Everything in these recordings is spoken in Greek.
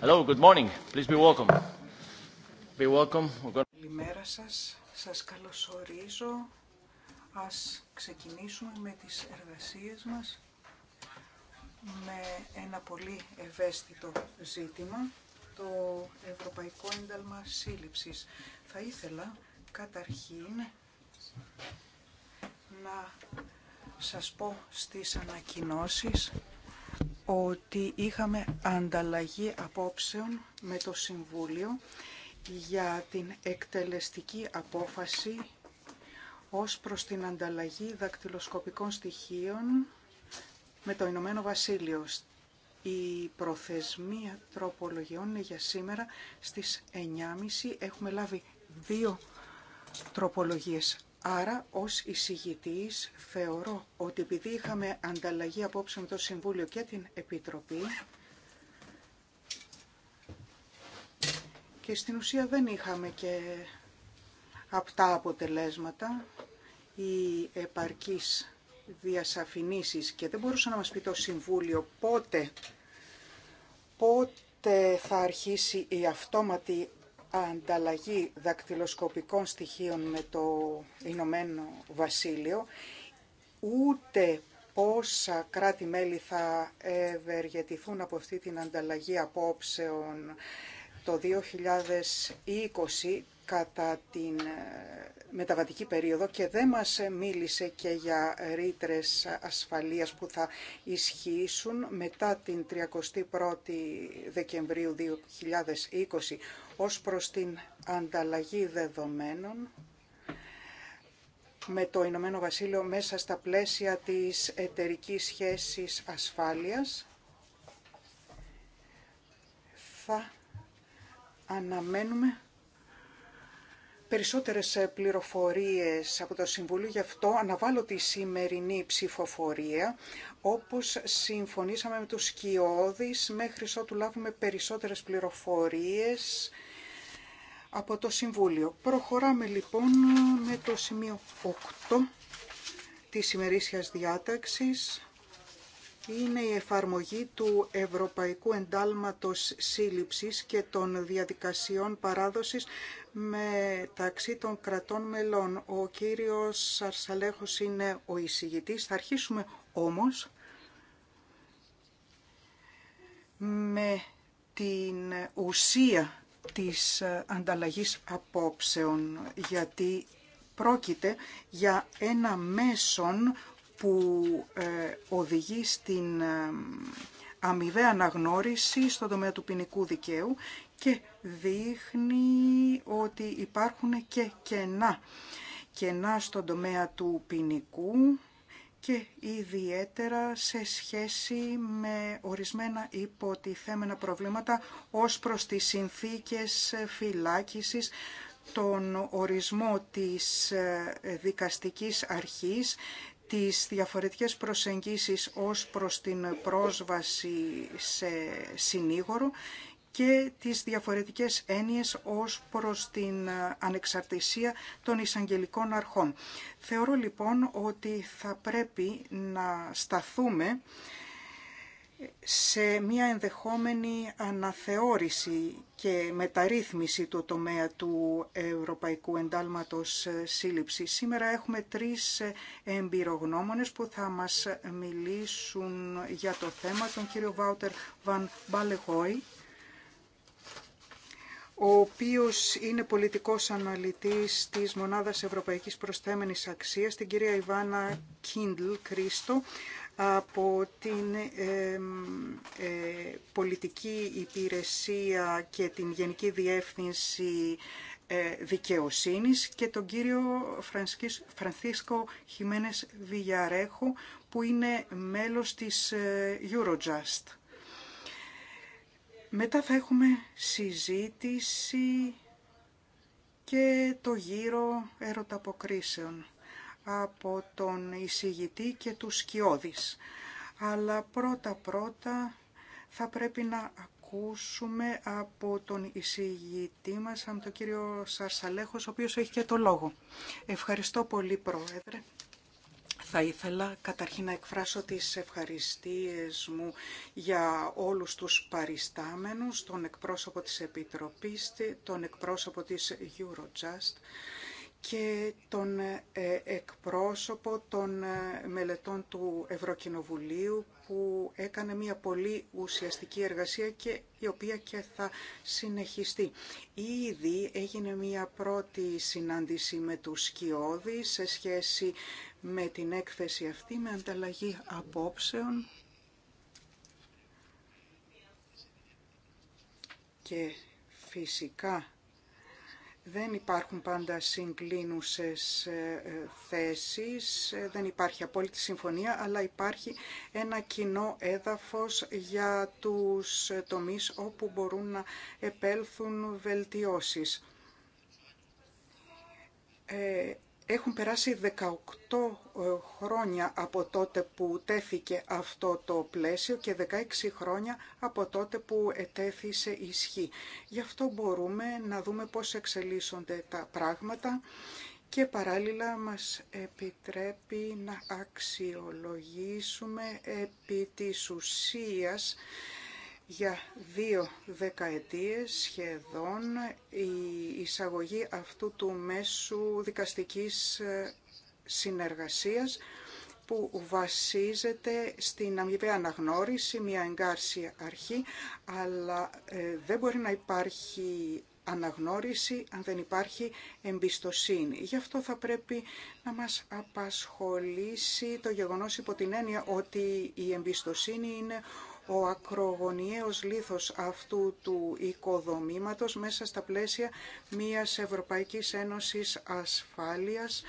Hello, good morning. Please be welcome. Be welcome. Καλημέρα σας. Σας καλωσορίζω. Ας ξεκινήσουμε με τις εργασίες μας με ένα πολύ ευαίσθητο ζήτημα, το Ευρωπαϊκό Ένταλμα Σύλληψης. Θα ήθελα καταρχήν να σας πω στις ανακοινώσεις ότι είχαμε ανταλλαγή απόψεων με το Συμβούλιο για την εκτελεστική απόφαση ως προς την ανταλλαγή δακτυλοσκοπικών στοιχείων με το Ηνωμένο Βασίλειο. Η προθεσμία τροπολογιών είναι για σήμερα στις 9.30. Έχουμε λάβει δύο τροπολογίες Άρα, ως εισηγητής, θεωρώ ότι επειδή είχαμε ανταλλαγή απόψε με το Συμβούλιο και την Επιτροπή και στην ουσία δεν είχαμε και αυτά αποτελέσματα ή επαρκής διασαφηνήσεις και δεν μπορούσε να μας πει το Συμβούλιο πότε, πότε θα αρχίσει η αυτόματη ανταλλαγή δακτυλοσκοπικών στοιχείων με το Ηνωμένο Βασίλειο, ούτε πόσα κράτη-μέλη θα ευεργετηθούν από αυτή την ανταλλαγή απόψεων το 2020 κατά την ε, μεταβατική περίοδο και δεν μας μίλησε και για ρήτρες ασφαλείας που θα ισχύσουν μετά την 31η Δεκεμβρίου 2020 ως προς την ανταλλαγή δεδομένων με το Ηνωμένο Βασίλειο μέσα στα πλαίσια της εταιρικής σχέσης ασφάλειας. Θα αναμένουμε περισσότερες πληροφορίες από το Συμβούλιο, γι' αυτό αναβάλω τη σημερινή ψηφοφορία, όπως συμφωνήσαμε με τους Σκιώδης, μέχρι ότου λάβουμε περισσότερες πληροφορίες από το Συμβούλιο. Προχωράμε λοιπόν με το σημείο 8 της ημερήσιας διάταξης. Είναι η εφαρμογή του Ευρωπαϊκού Εντάλματος Σύλληψης και των διαδικασιών παράδοσης μεταξύ των κρατών μελών. Ο κύριος Σαρσαλέχος είναι ο εισηγητής. Θα αρχίσουμε όμως με την ουσία της ε, ανταλλαγής απόψεων, γιατί πρόκειται για ένα μέσον που ε, οδηγεί στην ε, αμοιβαία αναγνώριση στον τομέα του ποινικού δικαίου και δείχνει ότι υπάρχουν και κενά. Κενά στον τομέα του ποινικού και ιδιαίτερα σε σχέση με ορισμένα υποτιθέμενα προβλήματα ως προς τις συνθήκες φυλάκισης, τον ορισμό της ε, δικαστικής αρχής, τις διαφορετικές προσεγγίσεις ως προς την πρόσβαση σε συνήγορο και τις διαφορετικές έννοιες ως προς την ε, ανεξαρτησία των εισαγγελικών αρχών. Θεωρώ λοιπόν ότι θα πρέπει να σταθούμε σε μια ενδεχόμενη αναθεώρηση και μεταρρύθμιση του τομέα του Ευρωπαϊκού Εντάλματος ε, Σύλληψη. Σήμερα έχουμε τρεις ε, εμπειρογνώμονες που θα μας μιλήσουν για το θέμα, τον κύριο Βάουτερ Βαν Μπαλεγόη, ο οποίος είναι πολιτικός αναλυτής της Μονάδας Ευρωπαϊκής Προσθέμενης Αξίας, την κυρία Ιβάνα Κίντλ Κρίστο, από την ε, Πολιτική Υπηρεσία και την Γενική Διεύθυνση ε, Δικαιοσύνης και τον κύριο Φρανσκίσ, Φρανθίσκο Χιμένες Βιγιαρέχο, που είναι μέλος της ε, Eurojust. Μετά θα έχουμε συζήτηση και το γύρο έρωτα αποκρίσεων από τον εισηγητή και του Σκιώδης. Αλλά πρώτα-πρώτα θα πρέπει να ακούσουμε από τον εισηγητή μας, από τον κύριο Σαρσαλέχος, ο οποίος έχει και το λόγο. Ευχαριστώ πολύ, Πρόεδρε. Θα ήθελα καταρχήν να εκφράσω τις ευχαριστίες μου για όλους τους παριστάμενους, τον εκπρόσωπο της Επιτροπής, τον εκπρόσωπο της Eurojust και τον ε, εκπρόσωπο των ε, μελετών του Ευρωκοινοβουλίου που έκανε μια πολύ ουσιαστική εργασία και η οποία και θα συνεχιστεί. Ήδη έγινε μια πρώτη συνάντηση με τους Σκιώδη σε σχέση με την έκθεση αυτή, με ανταλλαγή απόψεων και φυσικά δεν υπάρχουν πάντα συγκλίνουσες ε, θέσεις, ε, δεν υπάρχει απόλυτη συμφωνία, αλλά υπάρχει ένα κοινό έδαφος για τους ε, τομείς όπου μπορούν να επέλθουν βελτιώσεις. Έχουν περάσει 18 ε, χρόνια από τότε που τέθηκε αυτό το πλαίσιο και 16 χρόνια από τότε που ετέθησε σε ισχύ. Γι' αυτό μπορούμε να δούμε πώς εξελίσσονται τα πράγματα και παράλληλα μας επιτρέπει να αξιολογήσουμε επί της ουσίας για δύο δεκαετίες σχεδόν η εισαγωγή αυτού του μέσου δικαστικής ε, συνεργασίας που βασίζεται στην αμοιβαία αναγνώριση, μια εγκάρσια αρχή, αλλά ε, δεν μπορεί να υπάρχει αναγνώριση αν δεν υπάρχει εμπιστοσύνη. Γι' αυτό θα πρέπει να μας απασχολήσει το γεγονός υπό την έννοια ότι η εμπιστοσύνη είναι ο ακρογωνιαίος λίθος αυτού του οικοδομήματος μέσα στα πλαίσια μιας Ευρωπαϊκής Ένωσης Ασφάλειας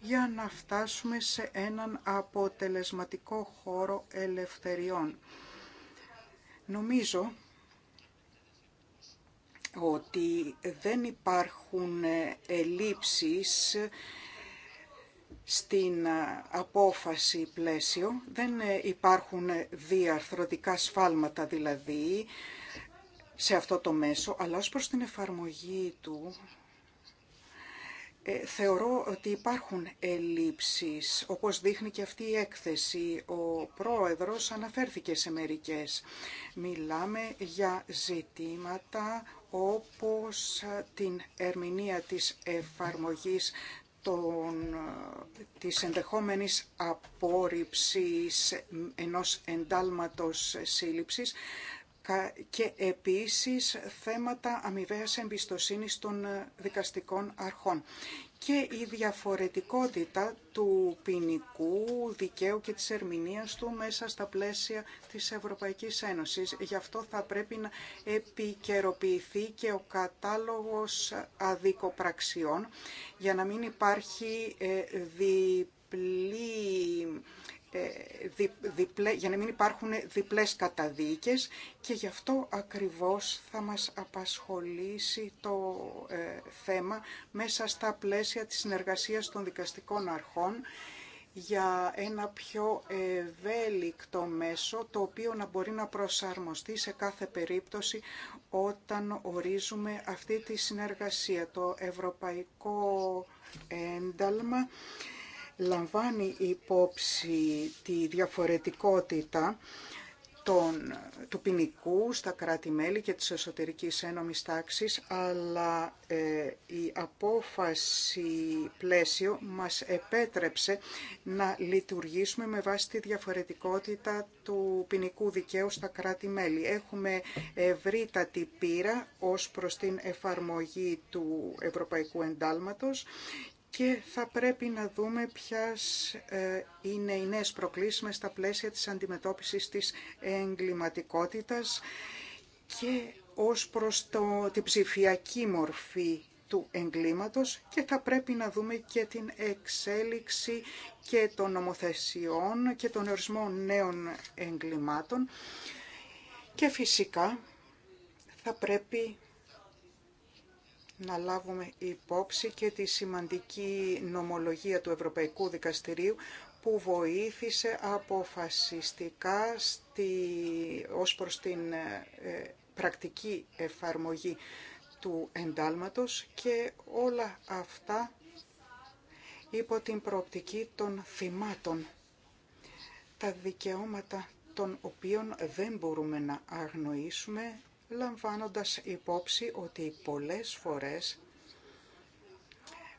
για να φτάσουμε σε έναν αποτελεσματικό χώρο ελευθεριών. Νομίζω ότι δεν υπάρχουν ελλείψεις στην απόφαση πλαίσιο. Δεν ε, υπάρχουν ε, διαρθρωτικά σφάλματα δηλαδή σε αυτό το μέσο, αλλά ως προς την εφαρμογή του ε, θεωρώ ότι υπάρχουν ελλείψεις, όπως δείχνει και αυτή η έκθεση. Ο πρόεδρος αναφέρθηκε σε μερικές. Μιλάμε για ζητήματα όπως την ερμηνεία της εφαρμογής των, ε, της ενδεχόμενης απόρριψης ενός εντάλματος σύλληψης και επίσης θέματα αμοιβαίας εμπιστοσύνης των ε, δικαστικών αρχών και η διαφορετικότητα του ποινικού δικαίου και της ερμηνείας του μέσα στα πλαίσια της Ευρωπαϊκής Ένωσης. Γι' αυτό θα πρέπει να επικαιροποιηθεί και ο κατάλογος αδικοπραξιών για να μην υπάρχει ε, διπλή ε, διπλέ, για να μην υπάρχουν διπλές καταδίκες και γι' αυτό ακριβώς θα μας απασχολήσει το ε, θέμα μέσα στα πλαίσια της συνεργασίας των δικαστικών αρχών για ένα πιο ευέλικτο μέσο το οποίο να μπορεί να προσαρμοστεί σε κάθε περίπτωση όταν ορίζουμε αυτή τη συνεργασία. Το ευρωπαϊκό ένταλμα λαμβάνει υπόψη τη διαφορετικότητα των, του ποινικού στα κράτη-μέλη και της εσωτερικής ένομης τάξης, αλλά ε, η απόφαση πλαίσιο μας επέτρεψε να λειτουργήσουμε με βάση τη διαφορετικότητα του ποινικού δικαίου στα κράτη-μέλη. Έχουμε ευρύτατη πείρα ως προς την εφαρμογή του Ευρωπαϊκού Εντάλματος και θα πρέπει να δούμε ποιες ε, είναι οι νέες προκλήσεις μες στα πλαίσια της αντιμετώπισης της εγκληματικότητας και ως προς το, την ψηφιακή μορφή του εγκλήματος και θα πρέπει να δούμε και την εξέλιξη και των νομοθεσιών και των ορισμών νέων εγκλημάτων και φυσικά θα πρέπει να λάβουμε υπόψη και τη σημαντική νομολογία του Ευρωπαϊκού Δικαστηρίου που βοήθησε αποφασιστικά στη, ως προς την ε, πρακτική εφαρμογή του εντάλματος και όλα αυτά υπό την προοπτική των θυμάτων, τα δικαιώματα των οποίων δεν μπορούμε να αγνοήσουμε λαμβάνοντας υπόψη ότι πολλές φορές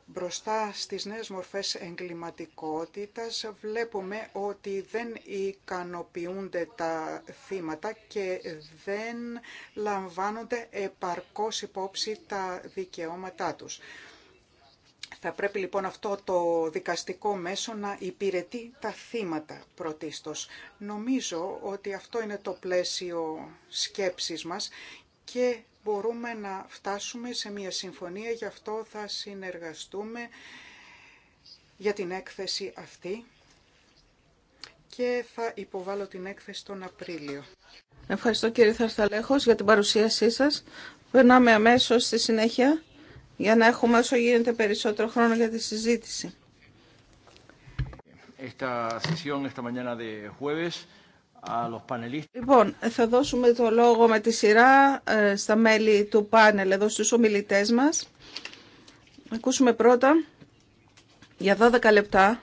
μπροστά στις νέες μορφές εγκληματικότητας βλέπουμε ότι δεν ικανοποιούνται τα θύματα και δεν λαμβάνονται επαρκώς υπόψη τα δικαιώματά τους. Θα πρέπει λοιπόν αυτό το δικαστικό μέσο να υπηρετεί τα θύματα πρωτίστως. Νομίζω ότι αυτό είναι το πλαίσιο σκέψης μας και μπορούμε να φτάσουμε σε μια συμφωνία, γι' αυτό θα συνεργαστούμε για την έκθεση αυτή και θα υποβάλω την έκθεση τον Απρίλιο. Ευχαριστώ κύριε Θαρσταλέχος για την παρουσίασή σας. Περνάμε αμέσως στη συνέχεια για να έχουμε όσο γίνεται περισσότερο χρόνο για τη συζήτηση. Λοιπόν, θα δώσουμε το λόγο με τη σειρά ε, στα μέλη του πάνελ εδώ στους ομιλητές μας. Ακούσουμε πρώτα για 12 λεπτά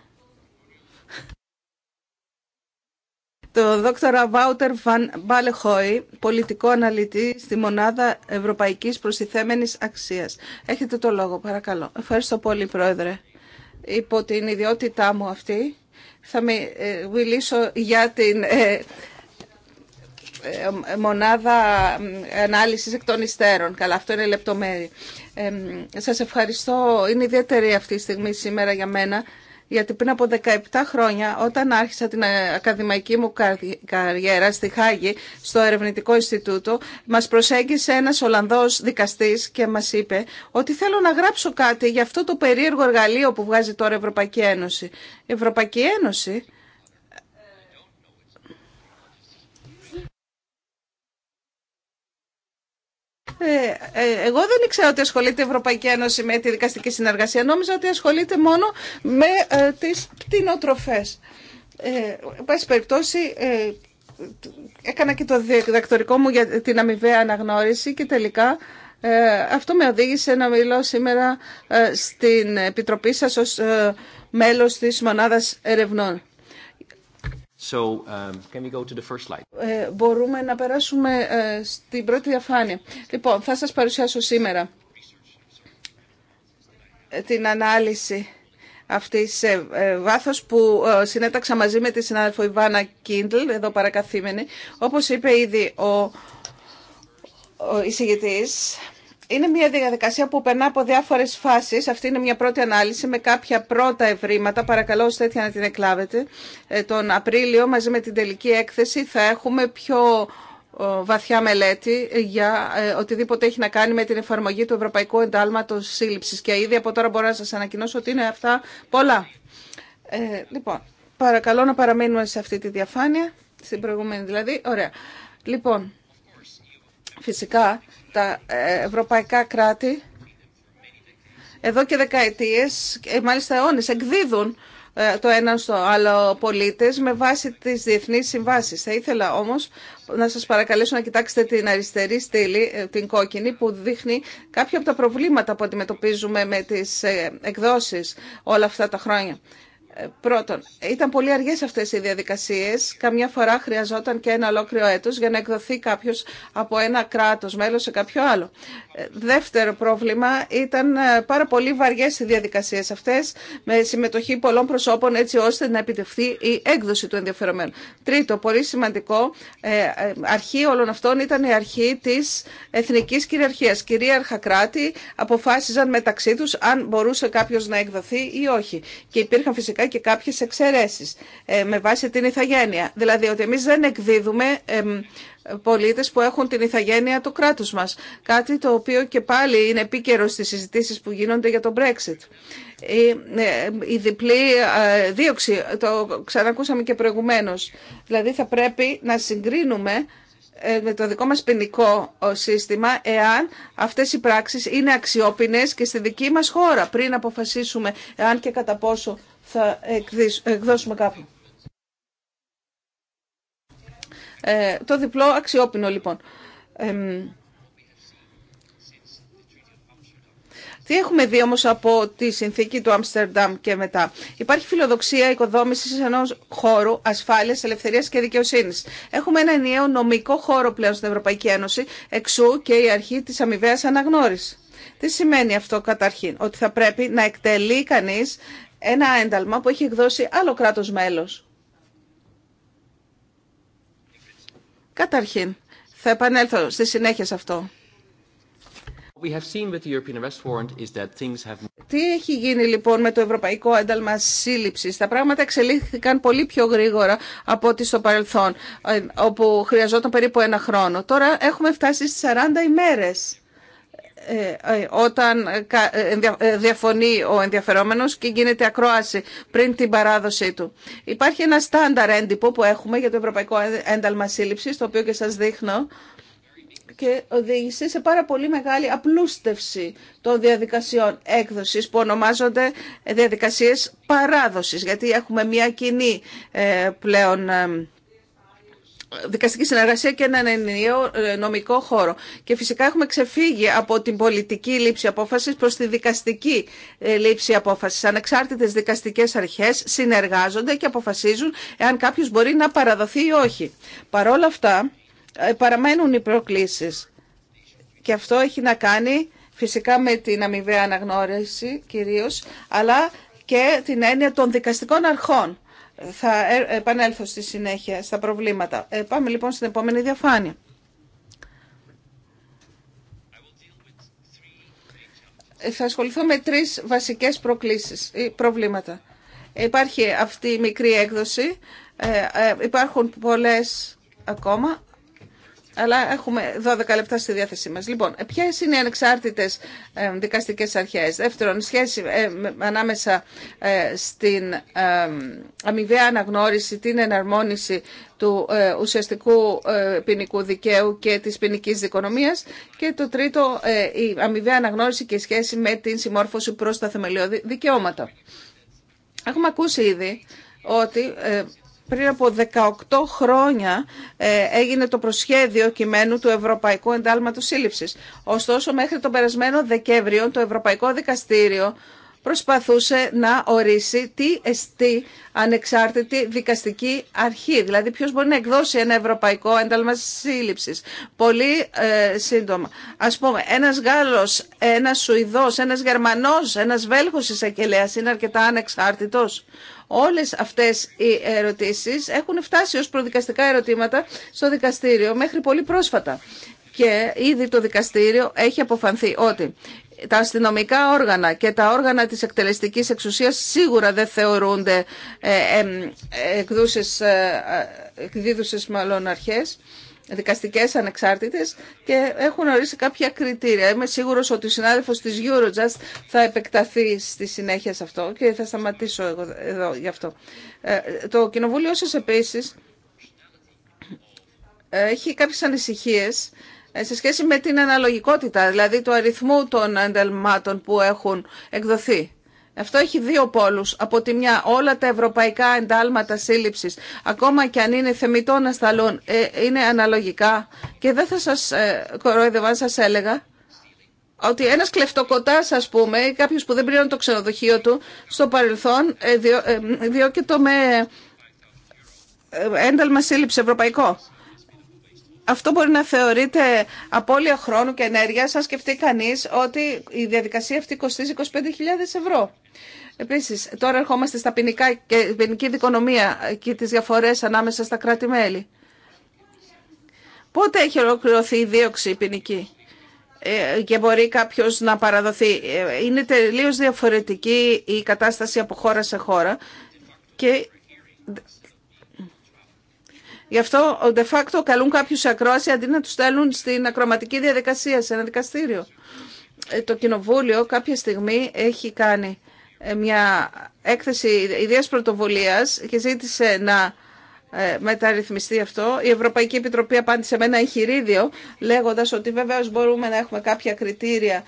το δόκτωρα Βάουτερ Βαν Μπάλεχόη, πολιτικό αναλυτή στη Μονάδα Ευρωπαϊκής Προστιθέμενης Αξίας. Έχετε το λόγο, παρακαλώ. Ευχαριστώ πολύ, Πρόεδρε. Υπό την ιδιότητά μου αυτή θα ε, μιλήσω για την ε, ε, μονάδα ανάλυσης εκ των υστέρων. Καλά, αυτό είναι λεπτομέρεια. Ε, σας ευχαριστώ. Είναι ιδιαίτερη αυτή η στιγμή σήμερα για μένα γιατί πριν από 17 χρόνια όταν άρχισα την ε, ακαδημαϊκή μου καριέρα στη Χάγη, στο Ερευνητικό Ινστιτούτο, μας προσέγγισε ένας Ολλανδός δικαστής και μας είπε ότι θέλω να γράψω κάτι για αυτό το περίεργο εργαλείο που βγάζει τώρα η Ευρωπαϊκή Ένωση. Η Ευρωπαϊκή Ένωση Ε, ε, εγώ δεν ήξερα ότι ασχολείται η Ευρωπαϊκή Ένωση με τη δικαστική συνεργασία. Νόμιζα ότι ασχολείται μόνο με ε, τις πτυνοτροφές. Ε, εν πάση περιπτώσει, έκανα και το διδακτορικό μου για την αμοιβαία αναγνώριση και τελικά αυτό με οδήγησε να μιλώ σήμερα στην Επιτροπή σας ως μέλος της Μονάδας Ερευνών. So, um, can we go to the first slide? Ε, μπορούμε να περάσουμε ε, στην πρώτη διαφάνεια. Λοιπόν, θα σας παρουσιάσω σήμερα την ανάλυση αυτή σε ε, βάθος που συνέταξα μαζί με τη συνάδελφο Ιβάνα Κίντλ, εδώ παρακαθήμενη. Όπως είπε ήδη ο, ο είναι μια διαδικασία που περνά από διάφορε φάσει. Αυτή είναι μια πρώτη ανάλυση με κάποια πρώτα ευρήματα. Παρακαλώ, ω τέτοια να την εκλάβετε. Ε, τον Απρίλιο, μαζί με την τελική έκθεση, θα έχουμε πιο ε, βαθιά μελέτη για ε, οτιδήποτε έχει να κάνει με την εφαρμογή του Ευρωπαϊκού Εντάλματο Σύλληψης και ήδη από τώρα μπορώ να σα ανακοινώσω ότι είναι αυτά πολλά. Ε, λοιπόν, παρακαλώ να παραμείνουμε σε αυτή τη διαφάνεια, στην προηγούμενη δηλαδή. Ωραία. Λοιπόν, Φυσικά, τα ε, ευρωπαϊκά κράτη εδώ και δεκαετίες, ε, μάλιστα αιώνες, εκδίδουν ε, το ένα στο άλλο πολίτες με βάση τις διεθνείς συμβάσεις. Θα ήθελα όμως να σας παρακαλέσω να κοιτάξετε την αριστερή στήλη, την κόκκινη, που δείχνει κάποια από τα προβλήματα που αντιμετωπίζουμε με τις εκδόσεις όλα αυτά τα χρόνια. Πρώτον, ήταν πολύ αργές αυτές οι διαδικασίες. Καμιά φορά χρειαζόταν και ένα ολόκληρο έτος για να εκδοθεί κάποιος από ένα κράτος μέλος σε κάποιο άλλο. Ε, δεύτερο πρόβλημα ήταν ε, πάρα πολύ βαριές οι διαδικασίες αυτές με συμμετοχή πολλών προσώπων έτσι ώστε να επιτευχθεί η έκδοση του ενδιαφερομένου. Τρίτο, πολύ σημαντικό, ε, αρχή όλων αυτών ήταν η αρχή της εθνικής κυριαρχίας. Κυρίαρχα κράτη αποφάσιζαν μεταξύ τους αν μπορούσε κάποιο να εκδοθεί ή όχι. Και υπήρχαν φυσικά ε, και κάποιες εξαιρέσεις ε, με βάση την ηθαγένεια. Δηλαδή ότι εμείς δεν εκδίδουμε πολίτες που έχουν την ηθαγένεια του κράτους μας. Κάτι το οποίο και πάλι είναι επίκαιρο στις συζητήσεις που γίνονται για το Brexit. Η, ε, η διπλή δίωξη, το ξανακούσαμε και προηγουμένως. Δηλαδή θα πρέπει να συγκρίνουμε ε, με το δικό μας ποινικό σύστημα εάν αυτές οι πράξεις είναι αξιόπινες και στη δική μας χώρα πριν αποφασίσουμε εάν και κατά πόσο θα εκδώσουμε κάποιον. Ε, το διπλό αξιόπινο λοιπόν. Ε, Τι έχουμε δει όμως από τη συνθήκη του Άμστερνταμ και μετά. Υπάρχει φιλοδοξία οικοδόμηση ενό χώρου ασφάλειας, ελευθερία και δικαιοσύνης. Έχουμε ένα ενιαίο νομικό χώρο πλέον στην Ευρωπαϊκή Ένωση, εξού και η αρχή της αμοιβαία αναγνώρισης. Τι σημαίνει αυτό καταρχήν, ότι θα πρέπει να εκτελεί κανεί ένα ένταλμα που έχει εκδώσει άλλο κράτο μέλο. Καταρχήν, θα επανέλθω στη συνέχεια σε αυτό. Τι έχει γίνει λοιπόν με το Ευρωπαϊκό Ένταλμα Σύλληψη. Τα πράγματα εξελίχθηκαν πολύ πιο γρήγορα από ό,τι στο παρελθόν, ε, όπου χρειαζόταν περίπου ένα χρόνο. Τώρα έχουμε φτάσει στι 40 ημέρε ε, ε, όταν διαφωνεί ο ενδιαφερόμενος και γίνεται ακρόαση πριν την παράδοσή του. Υπάρχει ένα στάνταρ έντυπο που έχουμε για το Ευρωπαϊκό Ένταλμα Σύλληψης, το οποίο και σας δείχνω, και οδήγησε σε πάρα πολύ μεγάλη απλούστευση των διαδικασιών έκδοσης που ονομάζονται διαδικασίες παράδοσης γιατί έχουμε μια κοινή ε, πλέον ε, δικαστική συνεργασία και έναν ενιαίο ε, νομικό χώρο. Και φυσικά έχουμε ξεφύγει από την πολιτική λήψη απόφασης προς τη δικαστική λήψη απόφασης. Ανεξάρτητες δικαστικές αρχές συνεργάζονται και αποφασίζουν εάν κάποιος μπορεί να παραδοθεί ή όχι. Παρόλα αυτά, ε, παραμένουν οι προκλήσεις. Και αυτό έχει να κάνει φυσικά με την αμοιβαία αναγνώριση κυρίως, αλλά και την έννοια των δικαστικών αρχών. Θα ε, επανέλθω στη συνέχεια στα προβλήματα. Ε, πάμε λοιπόν στην επόμενη διαφάνεια. Ε, θα ασχοληθώ με τρεις βασικές προκλήσεις ή προβλήματα. Υπάρχει αυτή η μικρή έκδοση, υπάρχουν πολλές ακόμα, αλλά έχουμε 12 λεπτά στη διάθεσή μας. Λοιπόν, ε, ποιε είναι οι ανεξάρτητες ε, δικαστικές αρχές. Δεύτερον, σχέση ε, ανάμεσα στην αμοιβαία αναγνώριση, την εναρμόνιση του ουσιαστικού ποινικού δικαίου και της ποινική δικονομία. Και το τρίτο, η αμοιβαία αναγνώριση και σχέση με την συμμόρφωση προ τα θεμελιώδη δικαιώματα. Έχουμε ακούσει ήδη ότι πριν από 18 χρόνια ε, έγινε το προσχέδιο κειμένου του Ευρωπαϊκού Εντάλματος Σύλληψης. Ωστόσο, μέχρι τον περασμένο Δεκέμβριο το Ευρωπαϊκό Δικαστήριο προσπαθούσε να ορίσει τι εστί ανεξάρτητη δικαστική αρχή, δηλαδή ποιος μπορεί να εκδώσει ένα ευρωπαϊκό ένταλμα σύλληψης. Πολύ ε, σύντομα. Ας πούμε, ένας Γάλλος, ένας Σουηδός, ένας Γερμανός, ένας Βέλγος εισαγγελέας είναι αρκετά ανεξάρτητος. Όλες αυτές οι ερωτήσεις έχουν φτάσει ως προδικαστικά ερωτήματα στο δικαστήριο μέχρι πολύ πρόσφατα. Και ήδη το δικαστήριο έχει αποφανθεί ότι τα αστυνομικά όργανα και τα όργανα της εκτελεστικής εξουσίας σίγουρα δεν θεωρούνται ε, ε, ε, εκδίδουσες μάλλον αρχές δικαστικές ανεξάρτητες και έχουν ορίσει κάποια κριτήρια. Είμαι σίγουρος ότι ο συνάδελφος της Eurojust θα επεκταθεί στη συνέχεια σε αυτό και θα σταματήσω εγώ εδώ γι' αυτό. Ε, το κοινοβούλιο σας επίσης ε, έχει κάποιες ανησυχίες ε, σε σχέση με την αναλογικότητα, δηλαδή του αριθμού των ενταλμάτων που έχουν εκδοθεί. Αυτό έχει δύο πόλους. Από τη μια όλα τα ευρωπαϊκά εντάλματα σύλληψης, ακόμα και αν είναι θεμητό να σταλούν, ε, είναι αναλογικά. Και δεν θα σας ε, κοροϊδεύω σας έλεγα ότι ένας κλεφτοκοτάς, ας πούμε, ή κάποιος που δεν πληρώνει το ξενοδοχείο του, στο παρελθόν ε, ε διώκεται με ε, ένταλμα σύλληψη ευρωπαϊκό. Αυτό μπορεί να θεωρείται απώλεια χρόνου και ενέργεια, αν σκεφτεί κανεί ότι η διαδικασία αυτή κοστίζει 25.000 ευρώ. Επίσης, τώρα ερχόμαστε στα ποινικά και ποινική δικονομία και τις διαφορές ανάμεσα στα κράτη-μέλη. Πότε έχει ολοκληρωθεί η δίωξη ποινική ε, και μπορεί κάποιο να παραδοθεί. Ε, είναι τελείω διαφορετική η κατάσταση από χώρα σε χώρα και Γι' αυτό, de facto, καλούν κάποιου ακρόαση αντί να του στέλνουν στην ακροματική διαδικασία, σε ένα δικαστήριο. Ε, το Κοινοβούλιο κάποια στιγμή έχει κάνει ε, μια έκθεση ιδέα πρωτοβουλία και ζήτησε να ε, μεταρρυθμιστεί αυτό. Η Ευρωπαϊκή Επιτροπή απάντησε με ένα εγχειρίδιο λέγοντας ότι βεβαίως μπορούμε να έχουμε κάποια κριτήρια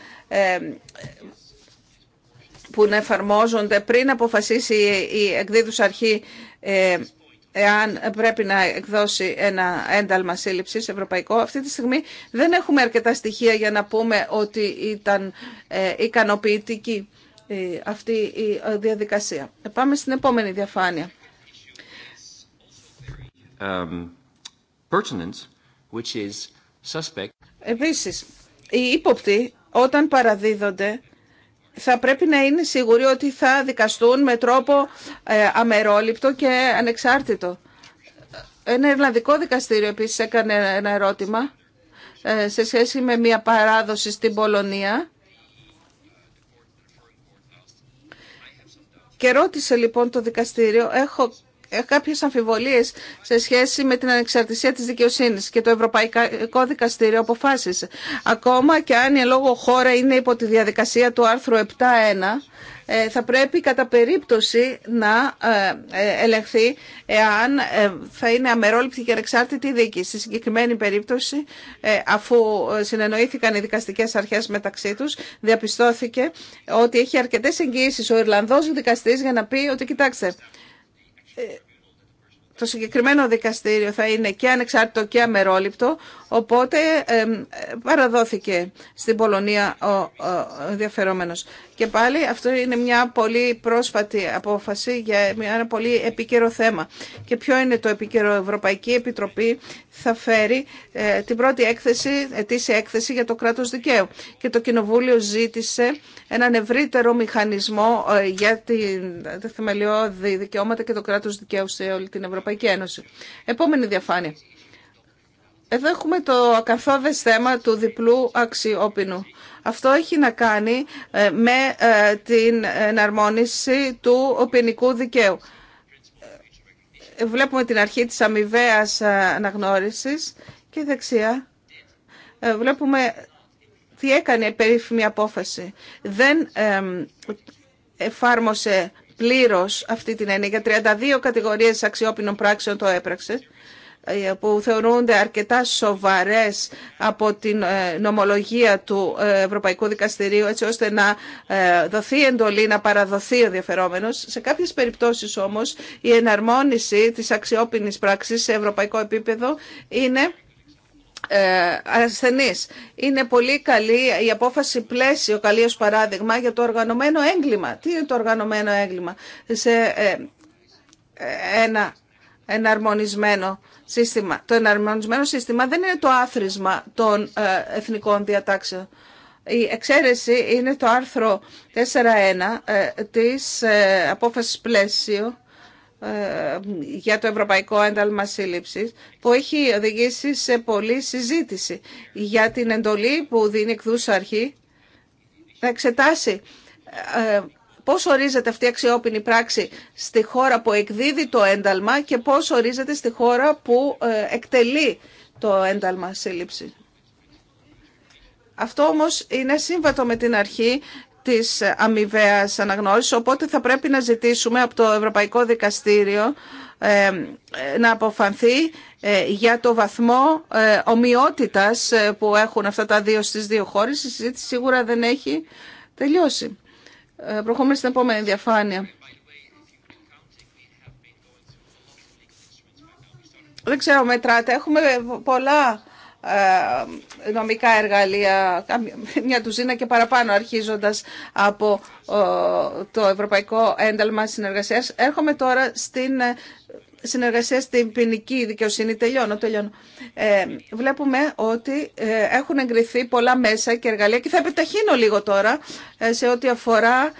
που να εφαρμόζονται πριν αποφασίσει η εκδίδουσα αρχή εάν πρέπει να εκδώσει ένα ένταλμα σύλληψη ευρωπαϊκό. Αυτή τη στιγμή δεν έχουμε αρκετά στοιχεία για να πούμε ότι ήταν ε, ικανοποιητική ε, αυτή η ε, διαδικασία. Πάμε στην επόμενη διαφάνεια. Um, Επίσης, οι ύποπτοι όταν παραδίδονται θα πρέπει να είναι σίγουροι ότι θα δικαστούν με τρόπο ε, αμερόληπτο και ανεξάρτητο. Ένα Ιρλανδικό δικαστήριο επίσης έκανε ένα ερώτημα ε, σε σχέση με μια παράδοση στην Πολωνία και ρώτησε λοιπόν το δικαστήριο έχω ε, κάποιες αμφιβολίες σε σχέση με την ανεξαρτησία της δικαιοσύνης και το Ευρωπαϊκό Δικαστήριο αποφάσισε. Ακόμα και αν η λόγω χώρα είναι υπό τη διαδικασία του άρθρου 7.1, ε, θα πρέπει κατά περίπτωση να ε, ελεγχθεί εάν θα είναι αμερόληπτη και ανεξάρτητη δίκη. Στη συγκεκριμένη περίπτωση, αφού συνεννοήθηκαν οι δικαστικές αρχές μεταξύ τους, διαπιστώθηκε ότι έχει αρκετές εγγύησεις ο Ιρλανδός δικαστής για να πει ότι κοιτάξτε, το συγκεκριμένο δικαστήριο θα είναι και ανεξάρτητο και αμερόληπτο, οπότε παραδόθηκε στην Πολωνία ο ενδιαφερόμενος. Και πάλι αυτό είναι μια πολύ πρόσφατη απόφαση για ένα πολύ επίκαιρο θέμα. Και ποιο είναι το επίκαιρο Ευρωπαϊκή Επιτροπή θα φέρει ε, την πρώτη έκθεση, ετήσια έκθεση για το κράτος δικαίου. Και το Κοινοβούλιο ζήτησε έναν ευρύτερο μηχανισμό ε, για την, τα θεμελιώδη δικαιώματα και το κράτος δικαίου σε όλη την Ευρωπαϊκή Ένωση. Επόμενη διαφάνεια. Εδώ έχουμε το ακαθόδες θέμα του διπλού αξιόπινου αυτό έχει να κάνει ε, με ε, την εναρμόνιση του ποινικού δικαίου. Ε, βλέπουμε την αρχή της αμοιβαία αναγνώρισης και δεξιά βλέπουμε τι έκανε η περίφημη απόφαση. Δεν εφάρμοσε πλήρως αυτή την έννοια. 32 κατηγορίες αξιόπινων πράξεων το έπραξε που θεωρούνται αρκετά σοβαρές από την ε, νομολογία του ε, Ευρωπαϊκού Δικαστηρίου έτσι ώστε να ε, δοθεί εντολή, να παραδοθεί ο διαφερόμενος. Σε κάποιες περιπτώσεις όμως η εναρμόνιση της αξιόπινης πράξης σε ευρωπαϊκό επίπεδο είναι ε, Είναι πολύ καλή η απόφαση πλαίσιο, καλή ως παράδειγμα, για το οργανωμένο έγκλημα. Τι είναι το οργανωμένο έγκλημα? Σε ένα εναρμονισμένο σύστημα. Το εναρμονισμένο σύστημα δεν είναι το άθροισμα των ε, εθνικών διατάξεων. Η εξαίρεση είναι το άρθρο 4.1 ε, της ε, απόφασης πλαίσιο για το Ευρωπαϊκό Ένταλμα Σύλληψης που έχει οδηγήσει σε πολλή συζήτηση για την εντολή που δίνει εκδούς αρχή να εξετάσει Πώς ορίζεται αυτή η αξιόπινη πράξη στη χώρα που εκδίδει το ένταλμα και πώς ορίζεται στη χώρα που ε, εκτελεί το ένταλμα σύλληψη. Αυτό όμως είναι σύμβατο με την αρχή της αμοιβαία αναγνώρισης, οπότε θα πρέπει να ζητήσουμε από το Ευρωπαϊκό Δικαστήριο ε, να αποφανθεί ε, για το βαθμό ομοιότητας που έχουν αυτά τα δύο στις δύο χώρες. Η συζήτηση σίγουρα δεν έχει τελειώσει. Ε, Προχωρούμε στην επόμενη διαφάνεια. Δεν ξέρω, μετράτε. Έχουμε πολλά ε, νομικά εργαλεία, μια τουζίνα και παραπάνω αρχίζοντας από ε, το Ευρωπαϊκό Ένταλμα Συνεργασίας. Έρχομαι τώρα στην συνεργασία στην ποινική δικαιοσύνη. Τελειώνω, τελειώνω. Ε, βλέπουμε ότι ε, έχουν εγκριθεί πολλά μέσα και εργαλεία και θα επιταχύνω λίγο τώρα ε, σε ό,τι αφορά